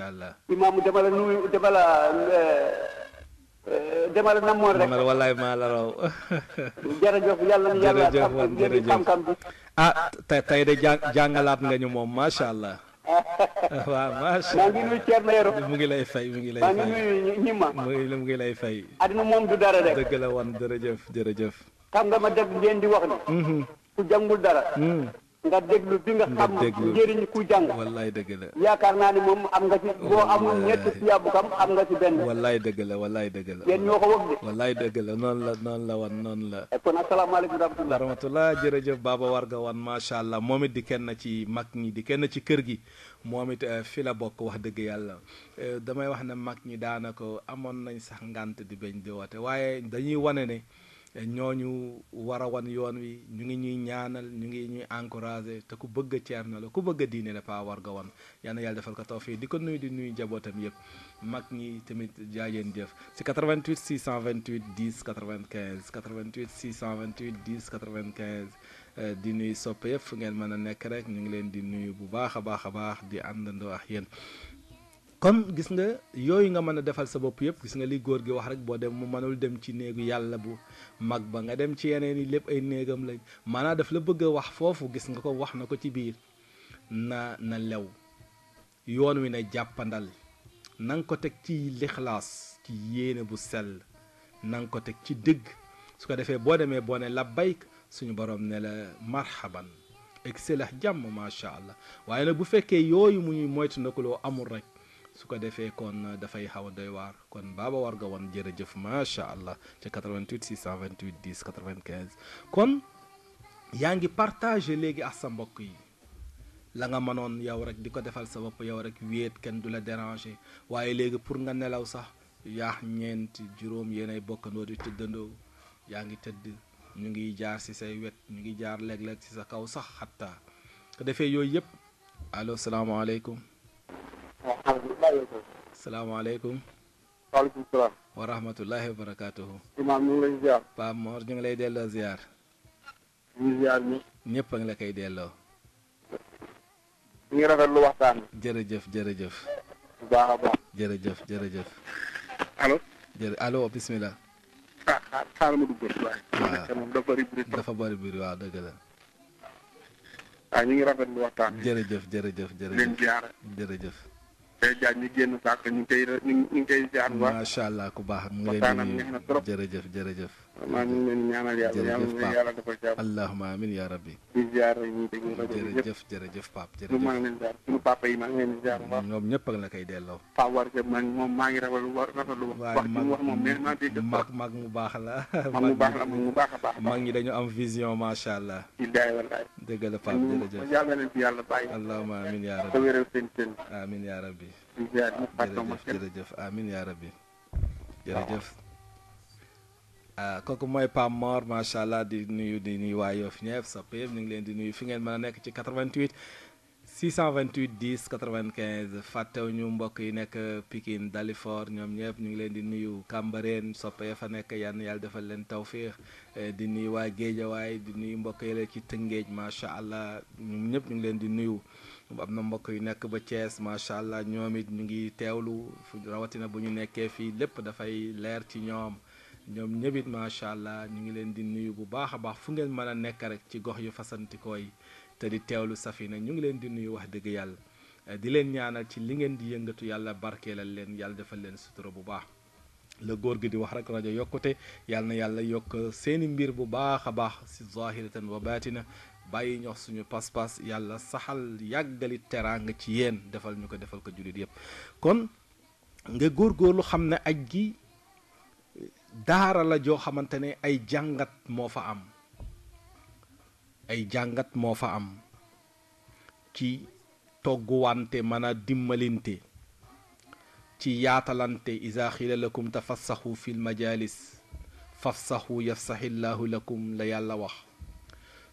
ak allah. imam dama la nuyu dama la euh, euh, namoon rek. man wallaay maa yàlla na yàlla xam xam bi. ah tey tey de jàngalaat nga ñu moom macha allah. [laughs] waaw macha allah maa ngi nuyu Thierno Yero mu ngi lay fay mu ngi lay fay maa ngi moom du dara rek. dëgg la wan jërëjëf jërëjëf. xam nga ma dégg ngeen di wax ni mhm. ku jàngul dara mhm. nga déglu bi nga xam njëriñ ku jàng wallaay dëgg la yaakaar naa ni moom am nga ci boo amul ñetti siyaabu kam am nga ci benn wallaay dëgg la wallaay dëgg la yéen ñoo ko wax de wallaay dëgg la noonu la noonu la wan noonu la eh, kon
asalaamaaleykum rahmatullah rahmatullah jërëjëf Baba Warga wan macha allah moom it di kenn ci mag ñi di kenn ci kër gi moom it eh, fi la bokk wax dëgg yàlla eh, damay wax ne mag ñi daanaka amoon nañ sax ngant di bañ di waaye dañuy wane ne Eh, ñooñu war a wan yoon wi ñu ngi ñuy ñaanal ñu ngi ñuy encouragé te ku bëgg Ceerno la ku bëgg a diine la paa war ga wan yal yàlla defal ko tawfii di ko nuyu di nuyu njabootam yëpp mag ñi tamit jaajeen jëf si 88 628 10 95 88 628 vingt 95 di di nuyu soppe yëpp fu ngeen mën a nekk rek ñu ngi leen di nuyu bu baax a baax a baax di àndandoo ak yéen comme gis nga yooyu nga mën a defal sa bopp yëpp gis nga li góor gi wax rek boo dem mu mënul dem ci néegu yàlla bu mag ba nga dem ci yeneen yi lépp ay néegam lañ maanaam daf la bëgg a wax foofu gis nga ko wax na ko ci biir na na lew yoon wi na jàppandal na nga ko teg ci lixlaas ci yéene bu sell na nga ko teg ci dëgg su ko defee boo demee boo ne labbayk suñu borom ne la marhaban excellent jàmm macha allah waaye nag bu fekkee yooyu mu ñuy moytu na ko loo amul rek su ko defee kon dafay xaw a doy waar kon baaba war nga woon jërëjëf macha allah ca 88 628 10 95 kon yaa ngi partagé léegi ak sa mbokk yi la nga mënoon yow rek di ko defal sa bopp yow rek wéet kenn du la déranger waaye léegi pour nga nelaw sax yaa ñeenti juróom yéenay bokkandoo di tëddandoo yaa ngi tëdd ñu ngi jaar ci say wet ñu ngi jaar léeg-léeg ci sa kaw sax xatta ko defee yooyu yëpp allo salaamaaleykum Ya, Assalamualaikum, ya assalamu waaleykum salaam wa rahmatullahi wa barakatuhu ñu ngi lay ziar Pape Mor ñu ngi lay delloo kan? ah. ah, ziar ñu ziar ñu ñëpp a ngi la koy delloo ngi rafet lu waxtaan jërëjëf jërëjëf baax a baax jërëjëf jërëjëf allo allo ah ma dugg waaye dafa bari dafa bari biri waaw dëgg la ah ñu ngi rafet lu waxtaan jërëjëf jërëjëf jërëjëf
jërëjëf ñu génn ñu koy ñu allah
ku allahumma amin ya rabbi di jaar pap jërëjëf maa ngi leen jaar
suñu papa yi maa ngi leen jaar ñoom ñëpp la koy delloo moom maa ngi allah pap
jërëjëf yàlla bàyyi amin ya rabbi amin ya rabbi di ziar ñëpp fàttewuma kenn jërëjëf amin yaa rabbi jërëjëf ah, kooku mooy Pam Mor macha allah di nuyu di nuyu waa Yoff ñëpp sopp yëpp ñu ngi leen di nuyu fi ngeen mën a nekk ci 88 628 10 95 ñu mbokk yi nekk pikin Dalifort ñoom ñëpp ñu ngi leen di nuyu Cambérène soppe ya fa nekk yann yàlla defal leen tawfiix eh, di nuyu waa Géejawaay di nuyu mbokk yi ci Tëngéej macha allah ñoom ñëpp ñu ngi leen di nuyu. am na mbokk yu nekk ba Thiès macha allah ñoom it ñu ngi teewlu rawatina bu ñu nekkee fii lépp dafay leer ci ñoom ñoom ñëpp it macha allah ñu ngi leen di nuyu bu baax a baax fu ngeen mën a nekk rek ci gox yu fasantikoo yi te di teewlu safina ñu ngi leen di nuyu wax dëgg yàlla di leen ñaanal ci li ngeen di yëngatu yàlla barkeelal leen yàlla defal leen sutura bu baax. la góor gi di wax rek rajo yokkute yàlla na yàlla yokk seeni mbir bu baax a baax si zahiratan wa baatina bàyyi ñox suñu pas-pas yàlla saxal yàggali teraanga ci yéen defal ñu ko defal ko jullit yépp kon nga góorgóorlu xam ne aj gi daara la joo xamante ne ay jàngat moo fa am ay jàngat moo fa am ci togguwante mën a dimbalinte ci yaatalante isa xila lakum tafassaxu fi l majalis fafsaxu yafsaxillahu lakum la yàlla wax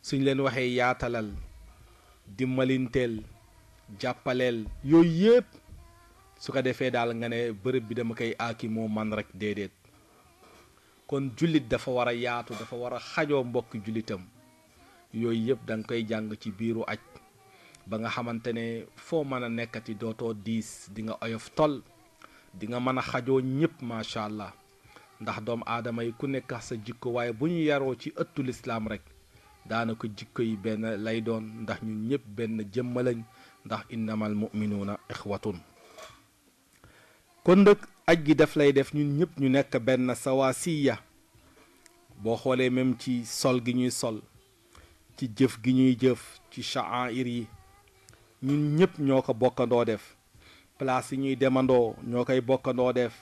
suñ leen waxee yaatalal dimbalinteel jàppaleel yooyu yëpp su ko defee daal nga ne bërëb bi dama koy aaki moo man rek déedéet kon jullit dafa war a yaatu dafa war a xajoo mbokk jullitam yooyu yëpp da nga koy jàng ci biiru aj ba nga xamante ne foo mën a nekkati dootoo diis di nga oyof tol di nga mën a xajoo ñëpp macha allah ndax doom aadama yi ku nekk sa jikko waaye bu ñu yaroo ci ëttu lislaam rek daanaka jikko yi benn lay doon ndax ñun ñëpp benn jëmma lañ ndax innamal muminuuna ixwatun kon dëkk aj gi daf lay def ñun ñëpp ñu nekk benn sawasiya boo xoolee même ci sol gi ñuy sol ci jëf gi ñuy jëf ci sha'air yi ñun ñëpp ñoo ko bokkandoo def place yi ñuy demandoo ñoo koy bokkandoo def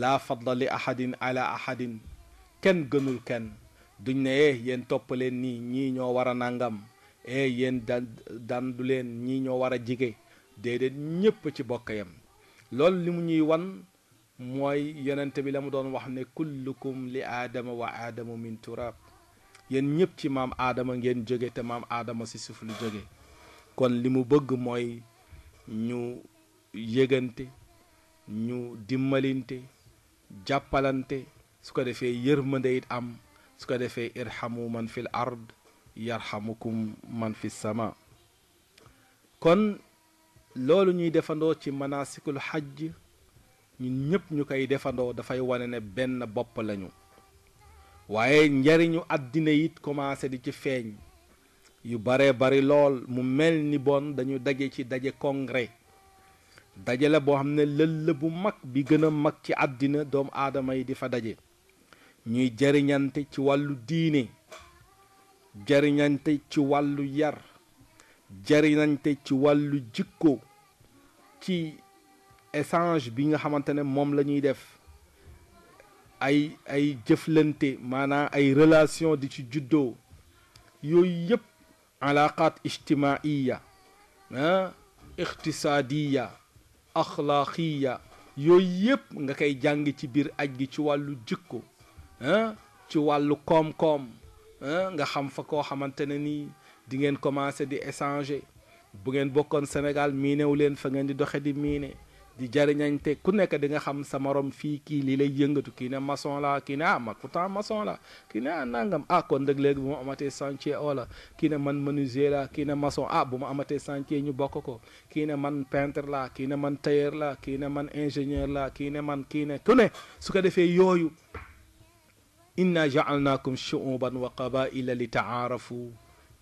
laa fadla li ahadin ala ahadin kenn gënul kenn duñ ne eh yéen toppaleen nii ñii ñoo war a nangam eh yéen daan leen ñii ñoo war a jige déedéet ñépp ci bokk yam loolu li mu ñuy wan mooy yenent bi la mu doon wax ne kullukum li aadama wa aadamu min turab yéen ñëpp ci maam aadama ngeen jóge te maam aadama si suuf lu jóge kon li mu bëgg mooy ñu yëgante ñu dimbalinte jàppalante su ko defee yërmande it am su ko defee irhamu man fil ard yarhamukum man fi sama kon loolu ñuy defandoo ci manasikul xajj ñun ñëpp ñu koy defandoo dafay wane ne benn bopp lañu waaye njariñu àddina it commencé di ci feeñ yu bare bari lool mu mel ni bon dañu daje ci daje congrès dajale boo xam ne lël bu mag bi gën a mag ci àddina doomu aadama yi di fa daje ñuy jariñante ci wàllu diine jariñante ci wàllu yar jariñante ci wàllu jikko ci échange bi nga xamante ne moom la ñuy def ay ay jëflante maanaam ay relation di ci juddoo yooyu yëpp alaqaat ijtimaiya ah iqtisaadiya axlaaqiya yooyu yëpp nga koy jàng ci biir aj gi ci wàllu jikko ci wàllu koom-koom nga xam fa koo xamante ne nii di ngeen commencé di échanger bu ngeen bokkoon Sénégal miinew leen fa ngeen di doxe di miine di jariñañte ku nekk di nga xam sa morom fii kii lii lay yëngatu kii ne maçon la kii ne ah ma pourtant maçon la kii ne ah nangam ah kon dëgg léegi bu ma amatee chantier oo oh la kii ne man menuisier la kii ne maçon ah bu ma amatee chantier ñu bokk ko kii ne man peintre la kii ne man tailleur la kii ne man ingénieur la kii ne man kii ne ku ne su ko defee yooyu inna jacalnaakum shuuban wa qabaila li taarafu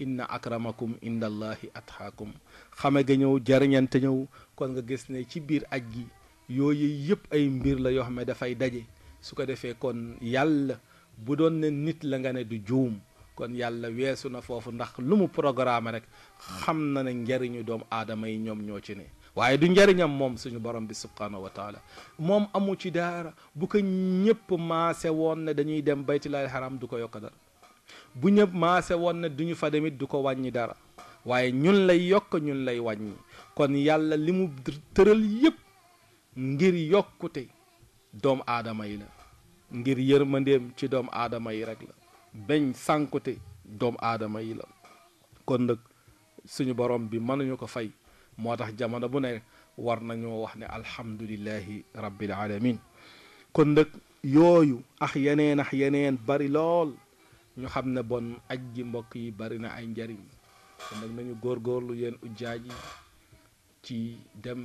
inna akramakum inda allahi atxaakum xame ga ñëw jariñante ñëw kon nga gis ne ci biir aj gi yooyu ay mbir la yoo xam ne dafay daje su ko defee kon yàlla bu doon ne nit la nga ne du juum kon yàlla weesu na foofu ndax lumu mu programme rek xam na ne njariñu doomu aadama yi ñoom ne waaye du njariñam moom suñu borom bi subhanahu wa moom amu ci daara bu ko ñëpp maase woon ne dañuy dem baytulahi haram du ko yokk dara bu ñëpp maase woon na duñu fa demit du ko wàññi dara waaye ñun lay yokk ñun lay wàññi kon yàlla li mu tëral yëpp ngir yokkute doomu aadama yi la ngir yërmandeem ci doom aadama yi rek la bañ sànkute doom aadama yi la kon nag suñu borom bi mënuñu ko fay moo tax jamono bu ne war nañoo wax ne alhamdulillahi rabbil alamin kon nag yooyu ax yeneen ax yeneen bari lool ñu xam ne bon aj gi mbokk yi bari na ay njariñ kon nag nañu góorgóorlu yéen ujjaaj yi ci dem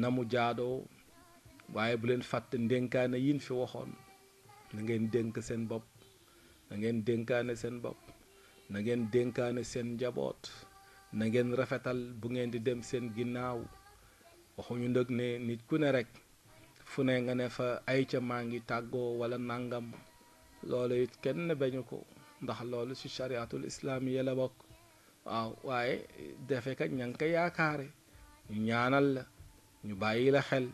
namu jaadoo waaye bu leen fàtte ndénkaane yin fi waxoon na ngeen dénk seen bopp na ngeen dénkaane seen bopp na ngeen dénkaane seen njaboot na ngeen rafetal bu ngeen di dem seen ginnaaw waxuñu ndëg ne nit ku ne rek fu ne nga ne fa ay ca maa ngi tàggoo wala nangam loolu it kenn bañu ko ndax loolu ci chariatul islaamiya la bokk waaw waaye defe kat ña ngi ko yaakaare ñu ñaanal la ñu bàyyi la xel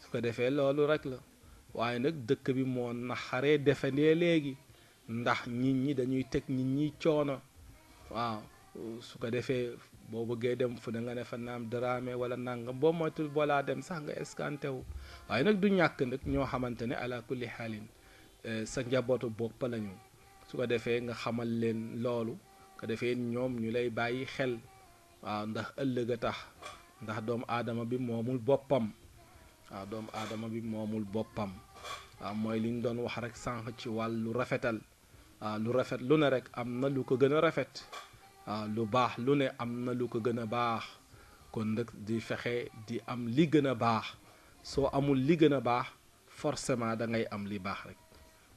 su ko defee loolu rek la waaye nag dëkk bi moo defe defandee léegi ndax nit ñi dañuy teg nit ñi coono waaw su ko defee boo bëggee dem fu ne nga ne fa naam daraame wala nangam boo moytul laa dem sax nga escanté wu waaye nag du ñàkk nag ñoo xamante ne ala kulli xaalin eh, sa njabootu bopp lañu su ko defee nga xamal leen loolu ko defee ñoom ñu lay bàyyi xel waaw ndax ëllëg a tax ndax doomu aadama bi moomul boppam waaw doomu aadama bi moomul boppam waaw mooy li ñu doon wax rek sànq ci wàll lu rafetal waaw lu rafet lu na rek am na lu ko gën a rafet waaw ah, lu baax lu ne am na lu ko gën a baax kon nag di fexe di am li gën a baax soo amul li gën a baax forcément da ngay am li baax rek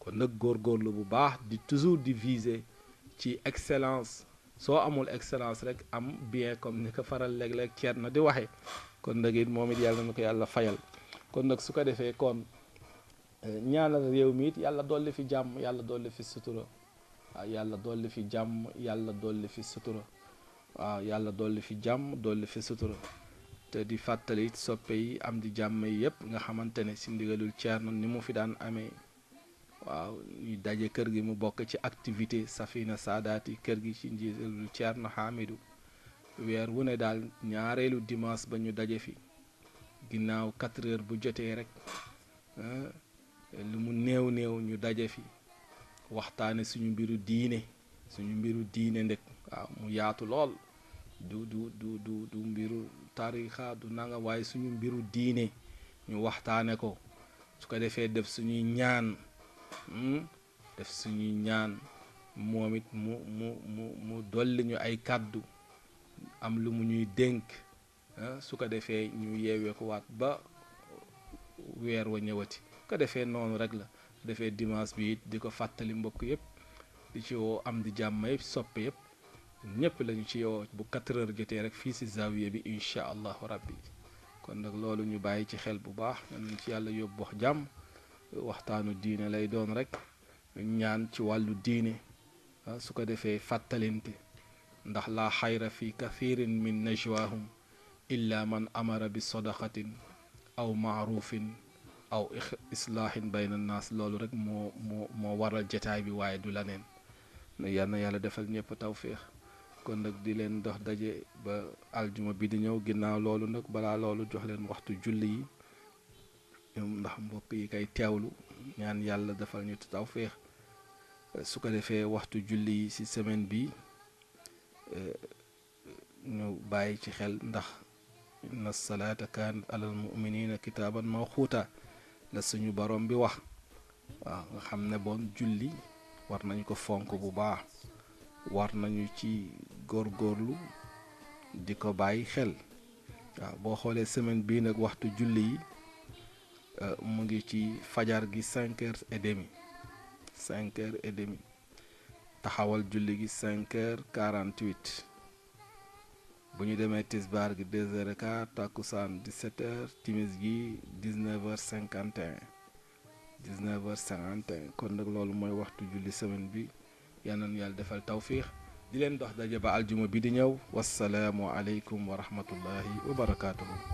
kon nag góorlu bu baax di toujours di viser ci excellence soo amul excellence rek am bien comme ni ko faral léeg-léeg ceet na di waxee kon nag it moom it yàlla na ko yàlla fayal kon nag su ko defee kon eh, ñaanal réew mi it yàlla dolli fi jàmm yàlla dolli fi sutura Ah, yàlla dolli fi jàmm yàlla dolli fi sutura waaw ah, yàlla dolli fi jàmm dolli fi sutura te di fàttali it soppe yi am di jàmm yëpp nga xamante ne si ndigalul Ceerno ni mu fi daan amee waaw ñu daje kër gi mu bokk ci activité Safina Saadaati kër gi ci ndigalul na Hamidou weer wu ne daal ñaareelu dimanche ba ñu daje fi ginnaaw quatre heures bu jotee rek ah, lu mu néew néew ñu daje fi waxtaane suñu mbiru diine suñu mbiru diine ndek waaw mu yaatu lool du du du du mbiru tarixa du nanga waaye suñu mbiru diine ñu waxtaane ko su ko defee def suñuy ñaan hmm, def suñuy ñaan moom it mu mu mu mu dolli ñu ay kàddu am lu mu ñuy dénk ah, su ko defee ñu yeewee ko waat ba weer wa ñëwati su ko defee noonu rek la defee dimanche bi it di ko fàttali mbokk yëpp di ci woo am di jàmm yëpp soppe yëpp ñëpp lañu ci woo bu 4 heures jotee rek fii si zawiya bi incha allahu rabbi kon nag loolu ñu bàyyi ci xel bu baax nañ ci yàlla yóbbu wax jàmm waxtaanu diine lay doon rek ñaan ci wàllu diine su ko defee fàttalinte ndax laa xayra fi kathirin min najwaahum illa man amara bi sadaqatin aw maarufin aw islaahin bayna naas loolu rek moo moo moo waral jetaay bi waaye du la neen yal na yàlla defal ñëpp tawféex kon nag di leen dox daje ba aljuma bi di ñëw ginnaaw loolu nag balaa loolu jox leen waxtu julli yi ndax mbokk yi kay teewlu ñaan yàlla defal ñu tawféex su ko defee waxtu julli yi ci semaine bi eh, ñu bàyyi ci xel ndax na inna salaata kaanat alal muminina kitaaban mawquuta la suñu borom bi wax waaw nga xam ne bon julli war nañ ko fonk bu baax war nañu ci góor góorlu di ko bàyyi xel waaw boo xoolee semaine bii nag waxtu julli yi euh, mu ngi ci fajar gi cinq heures et demi cinq taxawal julli gi cinq heures bu ñu demee tisbaar gi deux heures et quart takkusaan dix-sept heures timis gi dix-neuf cinquante et un dix-neuf heures kon nag loolu mooy waxtu julli semaine bi yal na nu yàlla defal tawfiix di leen dox daje ba aljuma bi di ñëw wasalaamu aleykum wa rahmatullahi wa barakaatuhu